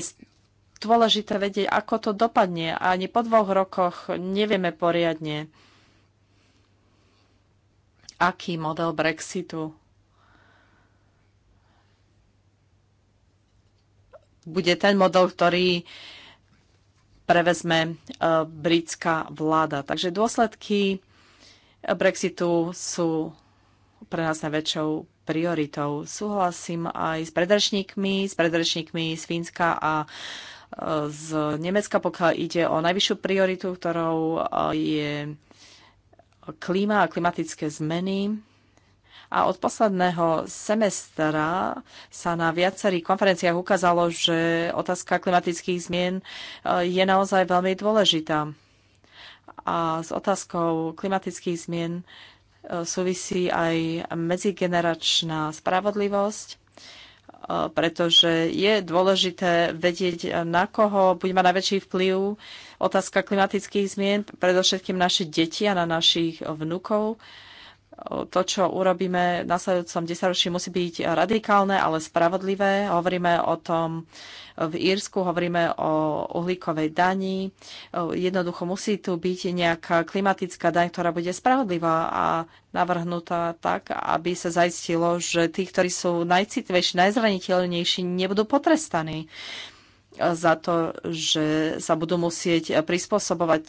dôležité vedieť, ako to dopadne. A ani po dvoch rokoch nevieme poriadne, aký model Brexitu bude ten model, ktorý prevezme e, britská vláda. Takže dôsledky Brexitu sú pre nás najväčšou prioritou. Súhlasím aj s predrečníkmi, s predrečníkmi z Fínska a e, z Nemecka, pokiaľ ide o najvyššiu prioritu, ktorou e, je klíma a klimatické zmeny. A od posledného semestra sa na viacerých konferenciách ukázalo, že otázka klimatických zmien eh, je naozaj veľmi dôležitá. A s otázkou klimatických zmien eh, súvisí aj medzigeneračná spravodlivosť, eh, pretože je dôležité vedieť, na koho bude mať najväčší vplyv otázka klimatických zmien, predovšetkým naše deti a na našich vnúkov to, čo urobíme v nasledujúcom desaťročí, musí byť radikálne, ale spravodlivé. Hovoríme o tom v Írsku, hovoríme o uhlíkovej dani. Jednoducho musí tu byť nejaká klimatická daň, ktorá bude spravodlivá a navrhnutá tak, aby sa zaistilo, že tí, ktorí sú najcitlivejší, najzraniteľnejší, nebudú potrestaní za to, že sa budú musieť prispôsobovať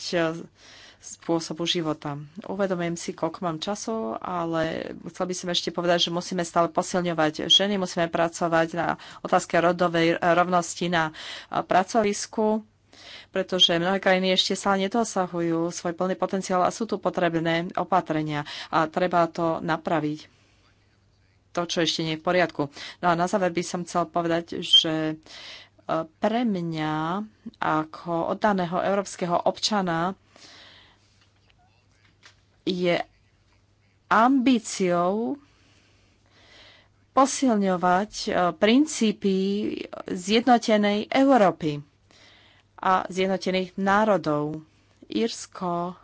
spôsobu života. Uvedomujem si, koľko mám času, ale chcel by som ešte povedať, že musíme stále posilňovať ženy, musíme pracovať na otázke rodovej rovnosti na pracovisku, pretože mnohé krajiny ešte sa nedosahujú svoj plný potenciál a sú tu potrebné opatrenia a treba to napraviť to, čo ešte nie je v poriadku. No a na záver by som chcel povedať, že e, pre mňa ako oddaného európskeho občana je ambíciou posilňovať e, princípy zjednotenej Európy a zjednotených národov. Írsko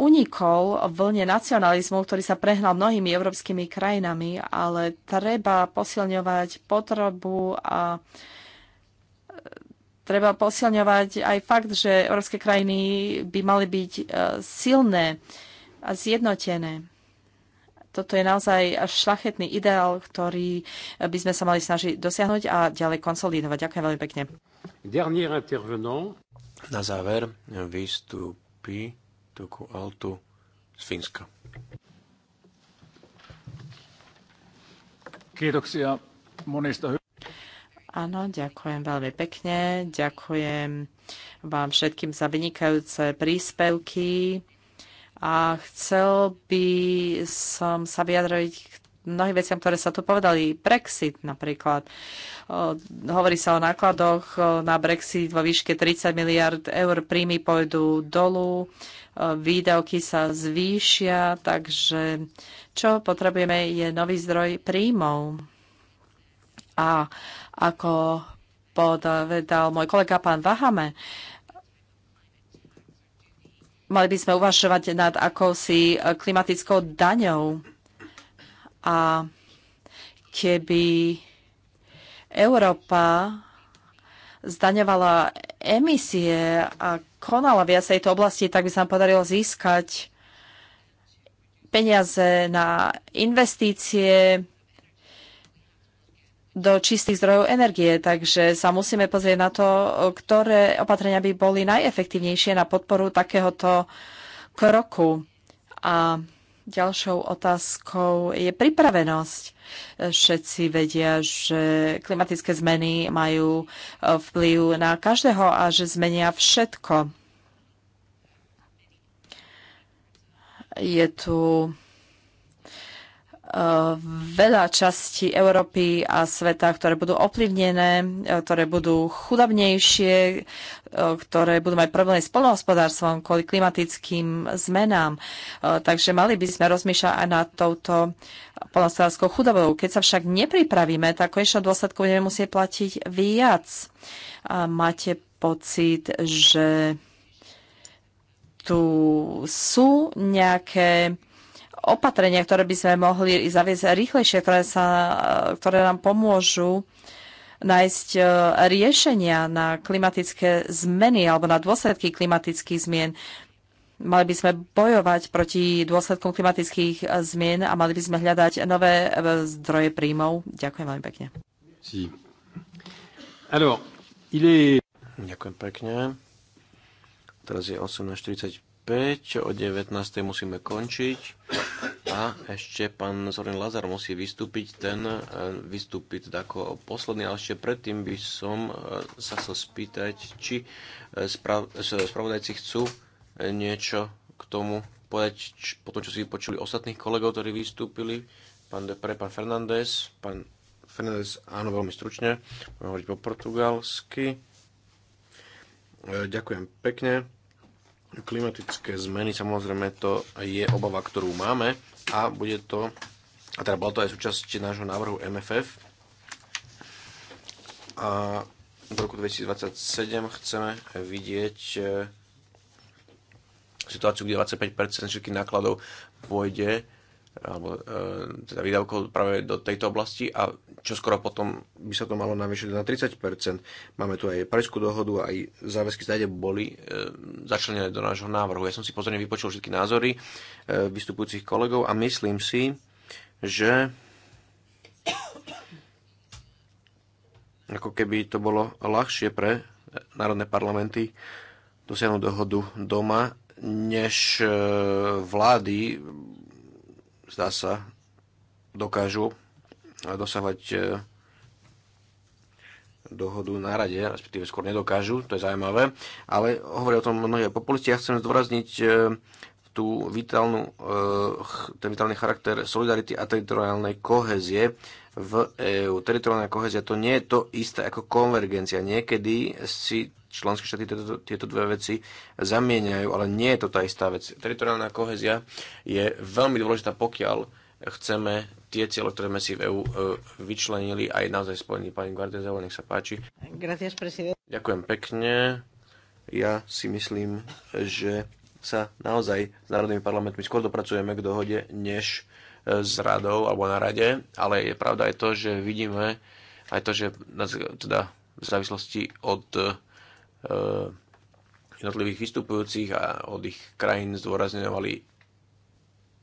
unikol vlne nacionalizmu, ktorý sa prehnal mnohými európskymi krajinami, ale treba posilňovať potrebu a treba posilňovať aj fakt, že európske krajiny by mali byť e, silné a zjednotené. Toto je naozaj šlachetný ideál, ktorý by sme sa mali snažiť dosiahnuť a ďalej konsolidovať. Ďakujem veľmi pekne. Na záver vystúpi Tuku Altu z Fínska. Kiitoksia monista Áno, ďakujem veľmi pekne. Ďakujem vám všetkým za vynikajúce príspevky. A chcel by som sa vyjadroviť k mnohým veciam, ktoré sa tu povedali. Brexit napríklad. Hovorí sa o nákladoch na Brexit vo výške 30 miliard eur. Príjmy pôjdu dolu, výdavky sa zvýšia, takže čo potrebujeme je nový zdroj príjmov a ako povedal môj kolega pán Vahame, mali by sme uvažovať nad akousi klimatickou daňou. A keby Európa zdaňovala emisie a konala viac tejto oblasti, tak by sa nám podarilo získať peniaze na investície, do čistých zdrojov energie, takže sa musíme pozrieť na to, ktoré opatrenia by boli najefektívnejšie na podporu takéhoto kroku. A ďalšou otázkou je pripravenosť. Všetci vedia, že klimatické zmeny majú vplyv na každého a že zmenia všetko. Je tu veľa častí Európy a sveta, ktoré budú ovplyvnené, e, ktoré budú chudobnejšie, e, ktoré budú mať problémy s polnohospodárstvom kvôli klimatickým zmenám. E, takže mali by sme rozmýšľať aj nad touto polnohospodárskou chudobou. Keď sa však nepripravíme, tak konečnou dôsledku budeme musieť platiť viac. A máte pocit, že tu sú nejaké opatrenia, ktoré by sme mohli zaviesť rýchlejšie, ktoré, sa, ktoré nám pomôžu nájsť e, riešenia na klimatické zmeny alebo na dôsledky klimatických zmien. Mali by sme bojovať proti dôsledkom klimatických zmien a mali by sme hľadať nové e, zdroje príjmov. Ďakujem veľmi pekne. Si. Alors, il est... Ďakujem pekne. Teraz je 18.45 o 19. musíme končiť a ešte pán Zorin Lazar musí vystúpiť, ten e, vystúpiť teda ako posledný, ale ešte predtým by som e, sa chcel spýtať, či e, sprav- spravodajci chcú niečo k tomu povedať, po tom, čo si počuli ostatných kolegov, ktorí vystúpili, pán Depre, pán Fernández, pán Fernández, áno, veľmi stručne, môžem hovoriť po portugalsky. Ďakujem pekne klimatické zmeny, samozrejme to je obava, ktorú máme a bude to, a teda bola to aj súčasť nášho návrhu MFF a v roku 2027 chceme vidieť e, situáciu, kde 25% všetkých nákladov pôjde alebo e, teda výdavkov práve do tejto oblasti a čo skoro potom by sa to malo navýšiť na 30%. Máme tu aj Parísku dohodu, aj záväzky z boli e, začlenené do nášho návrhu. Ja som si pozorne vypočul všetky názory e, vystupujúcich kolegov a myslím si, že ako keby to bolo ľahšie pre národné parlamenty dosiahnuť dohodu doma, než vlády zdá sa, dokážu dosahovať e, dohodu na rade, respektíve skôr nedokážu, to je zaujímavé, ale hovoria o tom mnohé populisti. Ja chcem zdôrazniť e, tú vitálnu, eh, ten vitálny charakter solidarity a teritoriálnej kohezie v EÚ. Teritoriálna kohezia to nie je to isté ako konvergencia. Niekedy si členské štáty tieto, tieto dve veci zamieňajú, ale nie je to tá istá vec. Teritoriálna kohezia je veľmi dôležitá, pokiaľ chceme tie cieľe, ktoré sme si v EÚ eh, vyčlenili aj naozaj spojený. Pani Guardiazeva, nech sa páči. Gracias, Ďakujem pekne. Ja si myslím, že sa naozaj s národnými parlamentmi skôr dopracujeme k dohode, než e, s radou alebo na rade, ale je pravda aj to, že vidíme aj to, že teda v závislosti od e, jednotlivých vystupujúcich a od ich krajín zdôrazňovali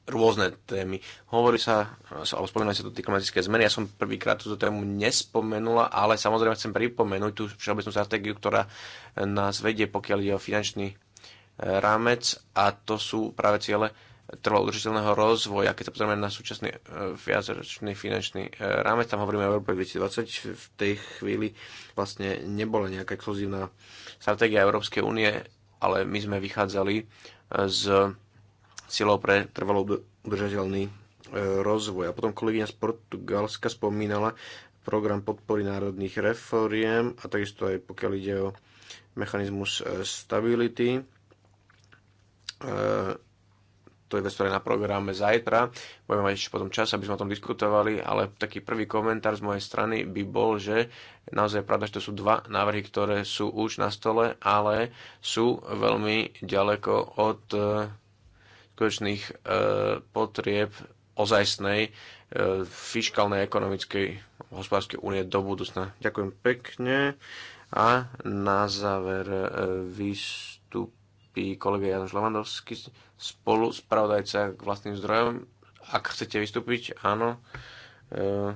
rôzne témy. Hovorí sa, alebo spomínajú sa to tie klimatické zmeny. Ja som prvýkrát túto tému nespomenula, ale samozrejme chcem pripomenúť tú všeobecnú stratégiu, ktorá nás vedie, pokiaľ ide o finančný rámec a to sú práve ciele trvalo udržiteľného rozvoja. Keď sa pozrieme na súčasný e, viacročný finančný e, rámec, tam hovoríme o Európe 2020, v tej chvíli vlastne nebola nejaká exkluzívna stratégia Európskej únie, ale my sme vychádzali e, z cieľov pre trvalo udržateľný rozvoj. A potom kolegyňa z Portugalska spomínala program podpory národných reforiem a takisto aj pokiaľ ide o mechanizmus stability Eh, to je vec, ktorá je na programe zajtra. Budeme mať ešte potom čas, aby sme o tom diskutovali, ale taký prvý komentár z mojej strany by bol, že naozaj pravda, že to sú dva návrhy, ktoré sú už na stole, ale sú veľmi ďaleko od eh, skutočných eh, potrieb ozajstnej fiskálnej, ekonomickej, hospodárskej únie do budúcna. Ďakujem pekne a na záver vystup vystúpi kolega Janoš Levandovský spolu pravdajca k vlastným zdrojom. Ak chcete vystúpiť, áno. E,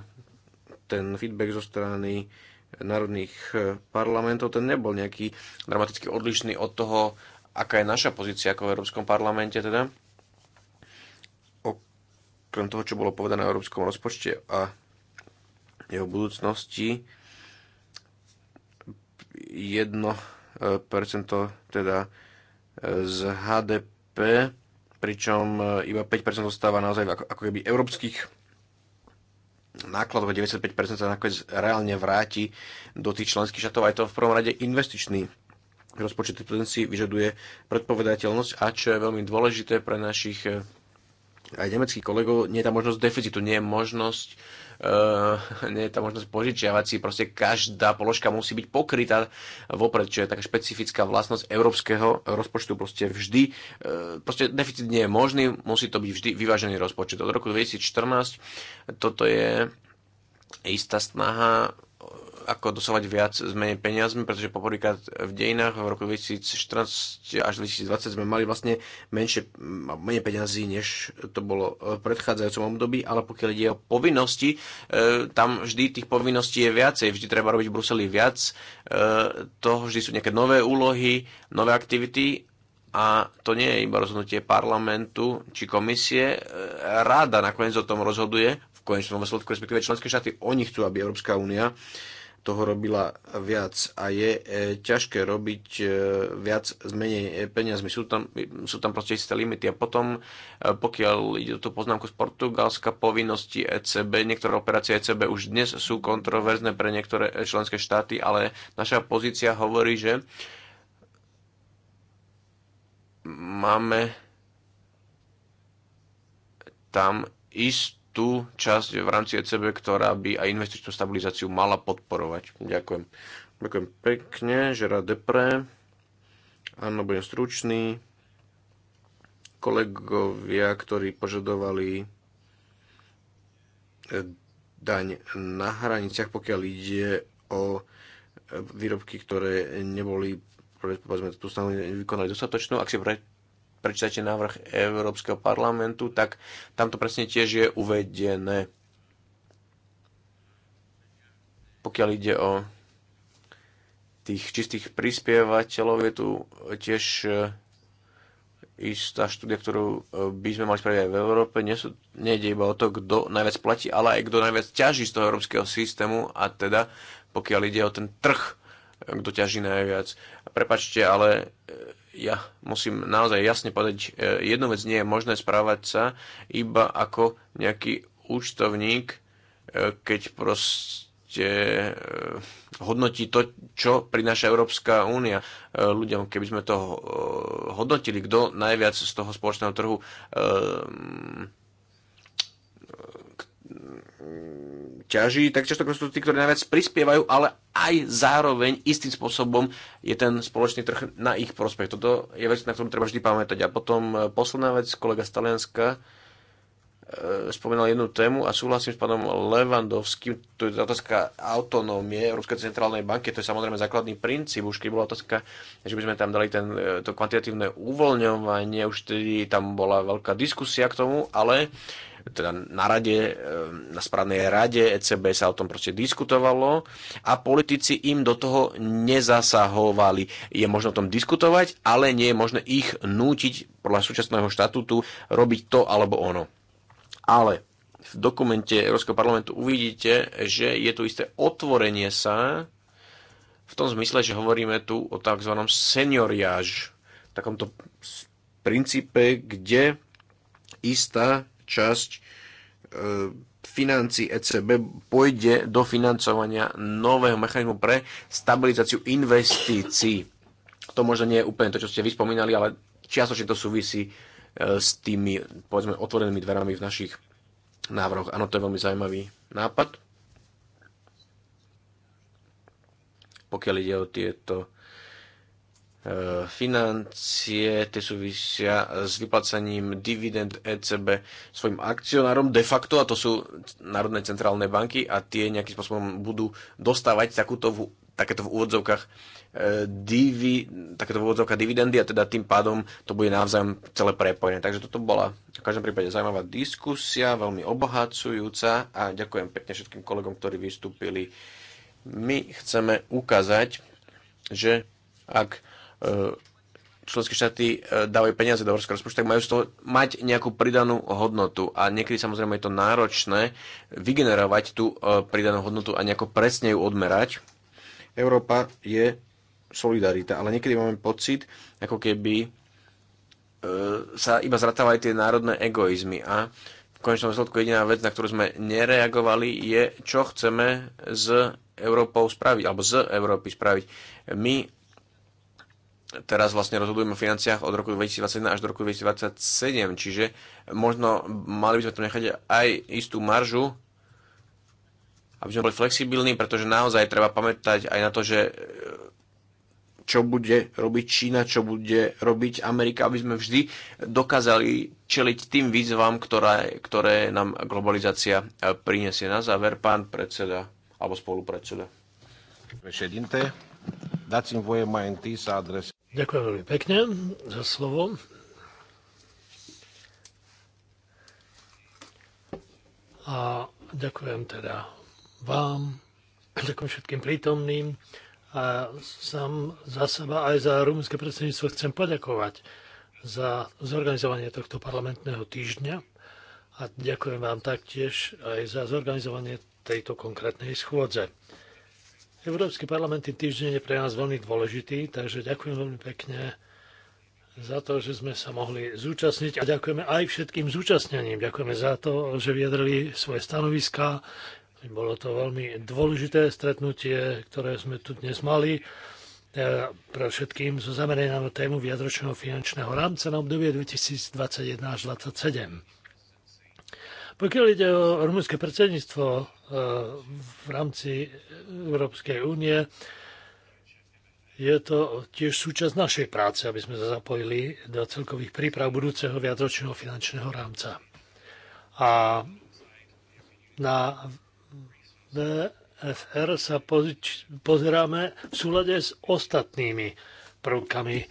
ten feedback zo strany národných e, parlamentov, ten nebol nejaký dramaticky odlišný od toho, aká je naša pozícia ako v Európskom parlamente teda. Okrem toho, čo bolo povedané o európskom rozpočte a jeho budúcnosti, jedno e, percento teda z HDP, pričom e, iba 5% zostáva naozaj ako, ako keby európskych nákladov, 95% sa nakoniec reálne vráti do tých členských štátov. Aj to v prvom rade investičný rozpočet si vyžaduje predpovedateľnosť a čo je veľmi dôležité pre našich e, aj nemeckých kolegov, nie je tá možnosť deficitu, nie je možnosť Uh, nie je tá možnosť požičiavať si, proste každá položka musí byť pokrytá vopred, čo je taká špecifická vlastnosť európskeho rozpočtu, proste vždy, uh, proste deficit nie je možný, musí to byť vždy vyvážený rozpočet. Od roku 2014 toto je istá snaha ako dosávať viac s menej peniazmi, pretože poprvýkrát v dejinách v roku 2014 až 2020 sme mali vlastne menšie, menej peňazí, než to bolo v predchádzajúcom období, ale pokiaľ ide o povinnosti, e, tam vždy tých povinností je viacej, vždy treba robiť v Bruseli viac, e, toho vždy sú nejaké nové úlohy, nové aktivity a to nie je iba rozhodnutie parlamentu či komisie. E, ráda nakoniec o tom rozhoduje konečnom dôsledku, respektíve členské štáty, oni chcú, aby Európska únia toho robila viac a je e, ťažké robiť e, viac s menej e, peniazmi. Sú tam, sú tam proste isté limity a potom, e, pokiaľ ide o tú poznámku z Portugalska, povinnosti ECB, niektoré operácie ECB už dnes sú kontroverzné pre niektoré e, členské štáty, ale naša pozícia hovorí, že máme tam istú tú časť v rámci ECB, ktorá by aj investičnú stabilizáciu mala podporovať. Ďakujem. Ďakujem pekne, Žerard Depre. Áno, budem stručný. Kolegovia, ktorí požadovali eh, daň na hraniciach, pokiaľ ide o eh, výrobky, ktoré neboli povedzme, tú vykonali dostatočnú. Ak si pre, prečítate návrh Európskeho parlamentu, tak tam to presne tiež je uvedené. Pokiaľ ide o tých čistých prispievateľov, je tu tiež eh, istá štúdia, ktorú eh, by sme mali spraviť aj v Európe. Nejde iba o to, kto najviac platí, ale aj kto najviac ťaží z toho európskeho systému a teda pokiaľ ide o ten trh, eh, kto ťaží najviac. Prepačte, ale ja musím naozaj jasne povedať, e, jednu vec nie je možné správať sa iba ako nejaký účtovník, e, keď proste e, hodnotí to, čo prináša Európska únia ľuďom. Keby sme to hodnotili, kto najviac z toho spoločného trhu ťaží, tak často sú tí, ktorí najviac prispievajú, ale aj zároveň istým spôsobom je ten spoločný trh na ich prospech. Toto je vec, na ktorom treba vždy pamätať. A potom e, posledná vec, kolega z Talianska e, spomínal jednu tému a súhlasím s pánom Levandovským, to je otázka autonómie Európskej centrálnej banky, to je samozrejme základný princíp, už keď bola otázka, že by sme tam dali ten, e, to kvantitatívne uvoľňovanie, už tedy tam bola veľká diskusia k tomu, ale teda na rade, eh, na správnej rade ECB sa o tom proste diskutovalo a politici im do toho nezasahovali. Je možno o tom diskutovať, ale nie je možné ich nútiť podľa súčasného štatútu robiť to alebo ono. Ale v dokumente Európskeho parlamentu uvidíte, že je tu isté otvorenie sa v tom zmysle, že hovoríme tu o tzv. senioriáž, takomto princípe, kde istá časť e, financí ECB pôjde do financovania nového mechanizmu pre stabilizáciu investícií. To možno nie je úplne to, čo ste vyspomínali, ale čiastočne to súvisí e, s tými, povedzme, otvorenými dverami v našich návrhoch. Áno, to je veľmi zaujímavý nápad. Pokiaľ ide o tieto E, financie, tie súvisia s vyplacaním dividend ECB svojim akcionárom de facto, a to sú národné centrálne banky a tie nejakým spôsobom budú dostávať takúto v, takéto v úvodzovkách e, divi, takéto úvodzovka dividendy a teda tým pádom to bude navzájom celé prepojené. Takže toto bola v každom prípade zaujímavá diskusia, veľmi obohacujúca a ďakujem pekne všetkým kolegom, ktorí vystúpili. My chceme ukázať, že ak E, členské štáty e, dávajú peniaze do horského rozpočtu, tak majú z toho mať nejakú pridanú hodnotu. A niekedy samozrejme je to náročné vygenerovať tú e, pridanú hodnotu a nejako presne ju odmerať. Európa je solidarita, ale niekedy máme pocit, ako keby sa iba zratávali tie národné egoizmy. A v konečnom výsledku jediná vec, na ktorú sme nereagovali, je, čo chceme z Európou spraviť, alebo z Európy spraviť. My teraz vlastne rozhodujeme o financiách od roku 2021 až do roku 2027, čiže možno mali by sme tam nechať aj istú maržu, aby sme boli flexibilní, pretože naozaj treba pamätať aj na to, že e, čo bude robiť Čína, čo bude robiť Amerika, aby sme vždy dokázali čeliť tým výzvam, ktoré, ktoré nám globalizácia e, prinesie. Na záver, pán predseda alebo spolupredseda. Prešedinte, dați-mi voie mai întâi Ďakujem veľmi pekne za slovo. A ďakujem teda vám, ďakujem všetkým prítomným a sám za seba aj za rumúnske predsedníctvo chcem poďakovať za zorganizovanie tohto parlamentného týždňa a ďakujem vám taktiež aj za zorganizovanie tejto konkrétnej schôdze. Európsky parlament je týždeň je pre nás veľmi dôležitý, takže ďakujem veľmi pekne za to, že sme sa mohli zúčastniť a ďakujeme aj všetkým zúčastneným. Ďakujeme za to, že vyjadrili svoje stanoviská. Bolo to veľmi dôležité stretnutie, ktoré sme tu dnes mali. E, pre všetkým zo zameraním na tému viadročného finančného rámca na obdobie 2021 až 2027. Pokiaľ ide o rumúnske predsedníctvo e, v rámci Európskej únie, je to tiež súčasť našej práce, aby sme sa zapojili do celkových príprav budúceho viacročného finančného rámca. A na VFR sa pozeráme v súlade s ostatnými prvkami e,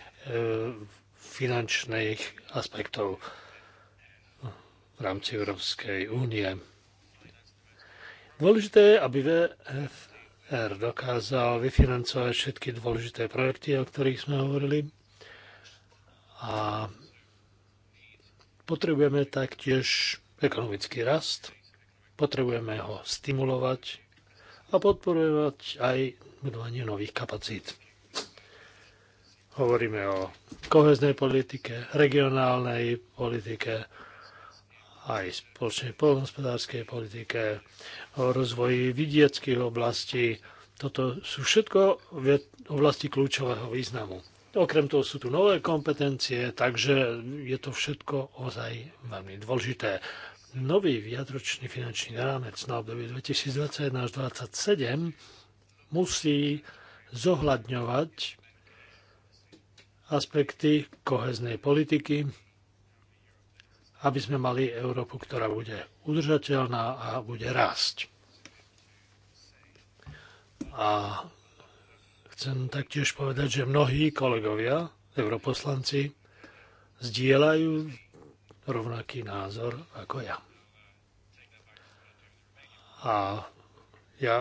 finančných aspektov v rámci Európskej únie. Dôležité je, aby VFR dokázal vyfinancovať všetky dôležité projekty, o ktorých sme hovorili. A potrebujeme taktiež ekonomický rast, potrebujeme ho stimulovať a podporovať aj budovanie nových kapacít. Hovoríme o koheznej politike, regionálnej politike, aj spoločnej poľnohospodárskej politike, o rozvoji vidieckých oblastí. Toto sú všetko oblasti kľúčového významu. Okrem toho sú tu nové kompetencie, takže je to všetko ozaj veľmi dôležité. Nový viadročný finančný rámec na obdobie 2021 až 2027 musí zohľadňovať aspekty koheznej politiky, aby sme mali Európu, ktorá bude udržateľná a bude rásť. A chcem taktiež povedať, že mnohí kolegovia, europoslanci, zdieľajú rovnaký názor ako ja. A ja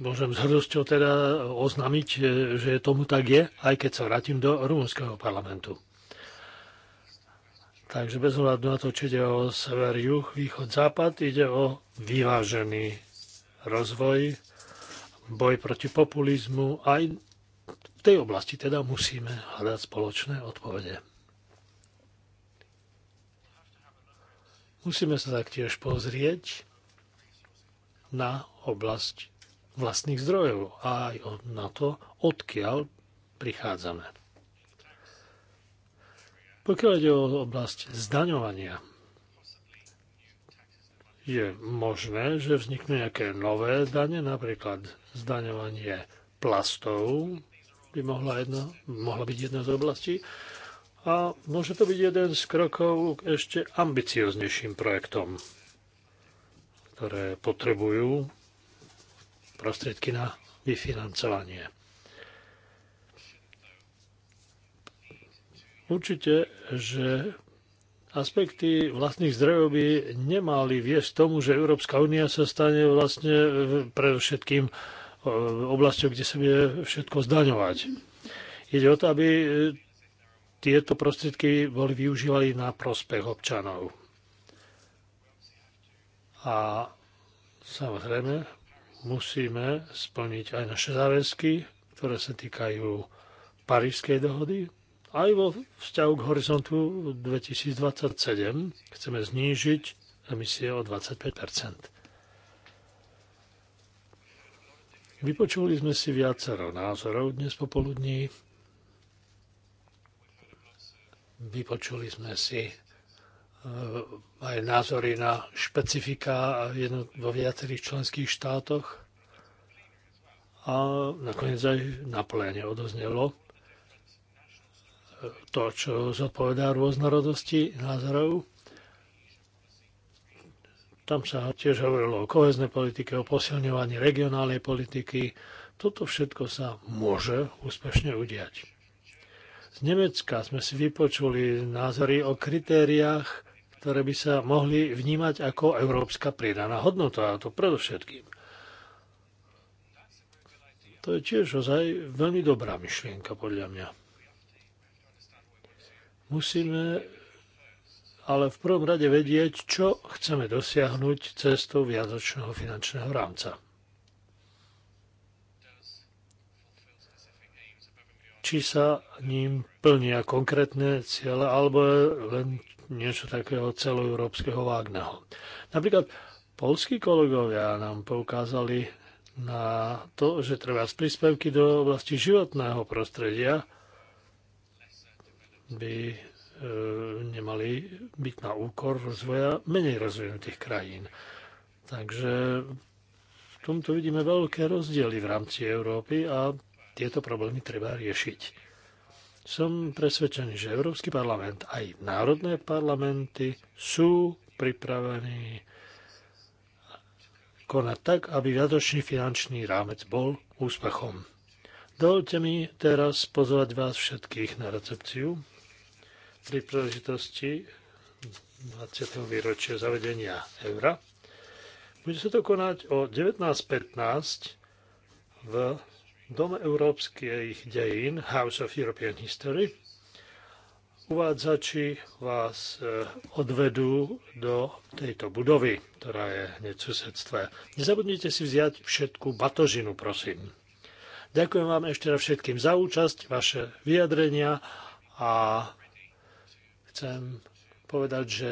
môžem s hrdosťou teda oznámiť, že tomu tak je, aj keď sa vrátim do rumúnskeho parlamentu. Takže bez hľadu na to, či ide o sever, juh, východ, západ, ide o vyvážený rozvoj, boj proti populizmu. Aj v tej oblasti teda musíme hľadať spoločné odpovede. Musíme sa taktiež pozrieť na oblasť vlastných zdrojov a aj na to, odkiaľ prichádzame. Pokiaľ ide o oblasť zdaňovania, je možné, že vzniknú nejaké nové dane, napríklad zdaňovanie plastov by mohla, jedna, mohla byť jedna z oblastí. A môže to byť jeden z krokov k ešte ambicioznejším projektom, ktoré potrebujú prostriedky na vyfinancovanie. Určite, že aspekty vlastných zdrojov by nemali viesť tomu, že Európska únia sa stane vlastne všetkým e, oblasťou, kde sa bude všetko zdaňovať. Ide o to, aby e, tieto prostriedky boli využívali na prospech občanov. A samozrejme musíme splniť aj naše záväzky, ktoré sa týkajú Parížskej dohody, aj vo vzťahu k horizontu 2027 chceme znížiť emisie o 25 Vypočuli sme si viacero názorov dnes popoludní. Vypočuli sme si eh, aj názory na špecifika vo viacerých členských štátoch a nakoniec aj na pléne odoznelo, to, čo zodpovedá rôznorodosti názorov. Tam sa tiež hovorilo o koheznej politike, o posilňovaní regionálnej politiky. Toto všetko sa môže úspešne udiať. Z Nemecka sme si vypočuli názory o kritériách, ktoré by sa mohli vnímať ako európska pridaná hodnota, a to predovšetkým. To je tiež ozaj veľmi dobrá myšlienka podľa mňa. Musíme ale v prvom rade vedieť, čo chceme dosiahnuť cestou viazočného finančného rámca. Či sa ním plnia konkrétne ciele, alebo len niečo takého celoeurópskeho vágneho. Napríklad polskí kolegovia nám poukázali na to, že treba z príspevky do oblasti životného prostredia by e, nemali byť na úkor rozvoja menej rozvinutých krajín. Takže v tomto vidíme veľké rozdiely v rámci Európy a tieto problémy treba riešiť. Som presvedčený, že Európsky parlament aj národné parlamenty sú pripravení konať tak, aby viadočný finančný rámec bol úspechom. Dovolte mi teraz pozvať vás všetkých na recepciu pri príležitosti 20. výročia zavedenia eura. Bude sa to konať o 19.15 v Dome európskych dejín House of European History. Uvádzači vás e, odvedú do tejto budovy, ktorá je hneď v susedstve. Nezabudnite si vziať všetku batožinu, prosím. Ďakujem vám ešte raz všetkým za účasť, vaše vyjadrenia a chcem povedať, že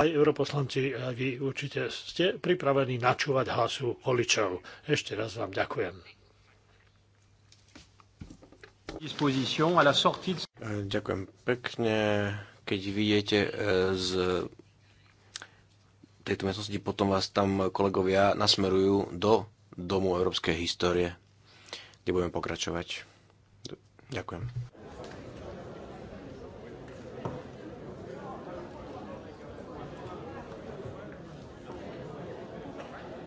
aj europoslanci, aj vy určite ste pripravení načúvať hlasu voličov. Ešte raz vám ďakujem. Ďakujem pekne. Keď vyjdete e, z tejto miestnosti, potom vás tam kolegovia nasmerujú do Domu európskej histórie, kde budeme pokračovať. Ďakujem.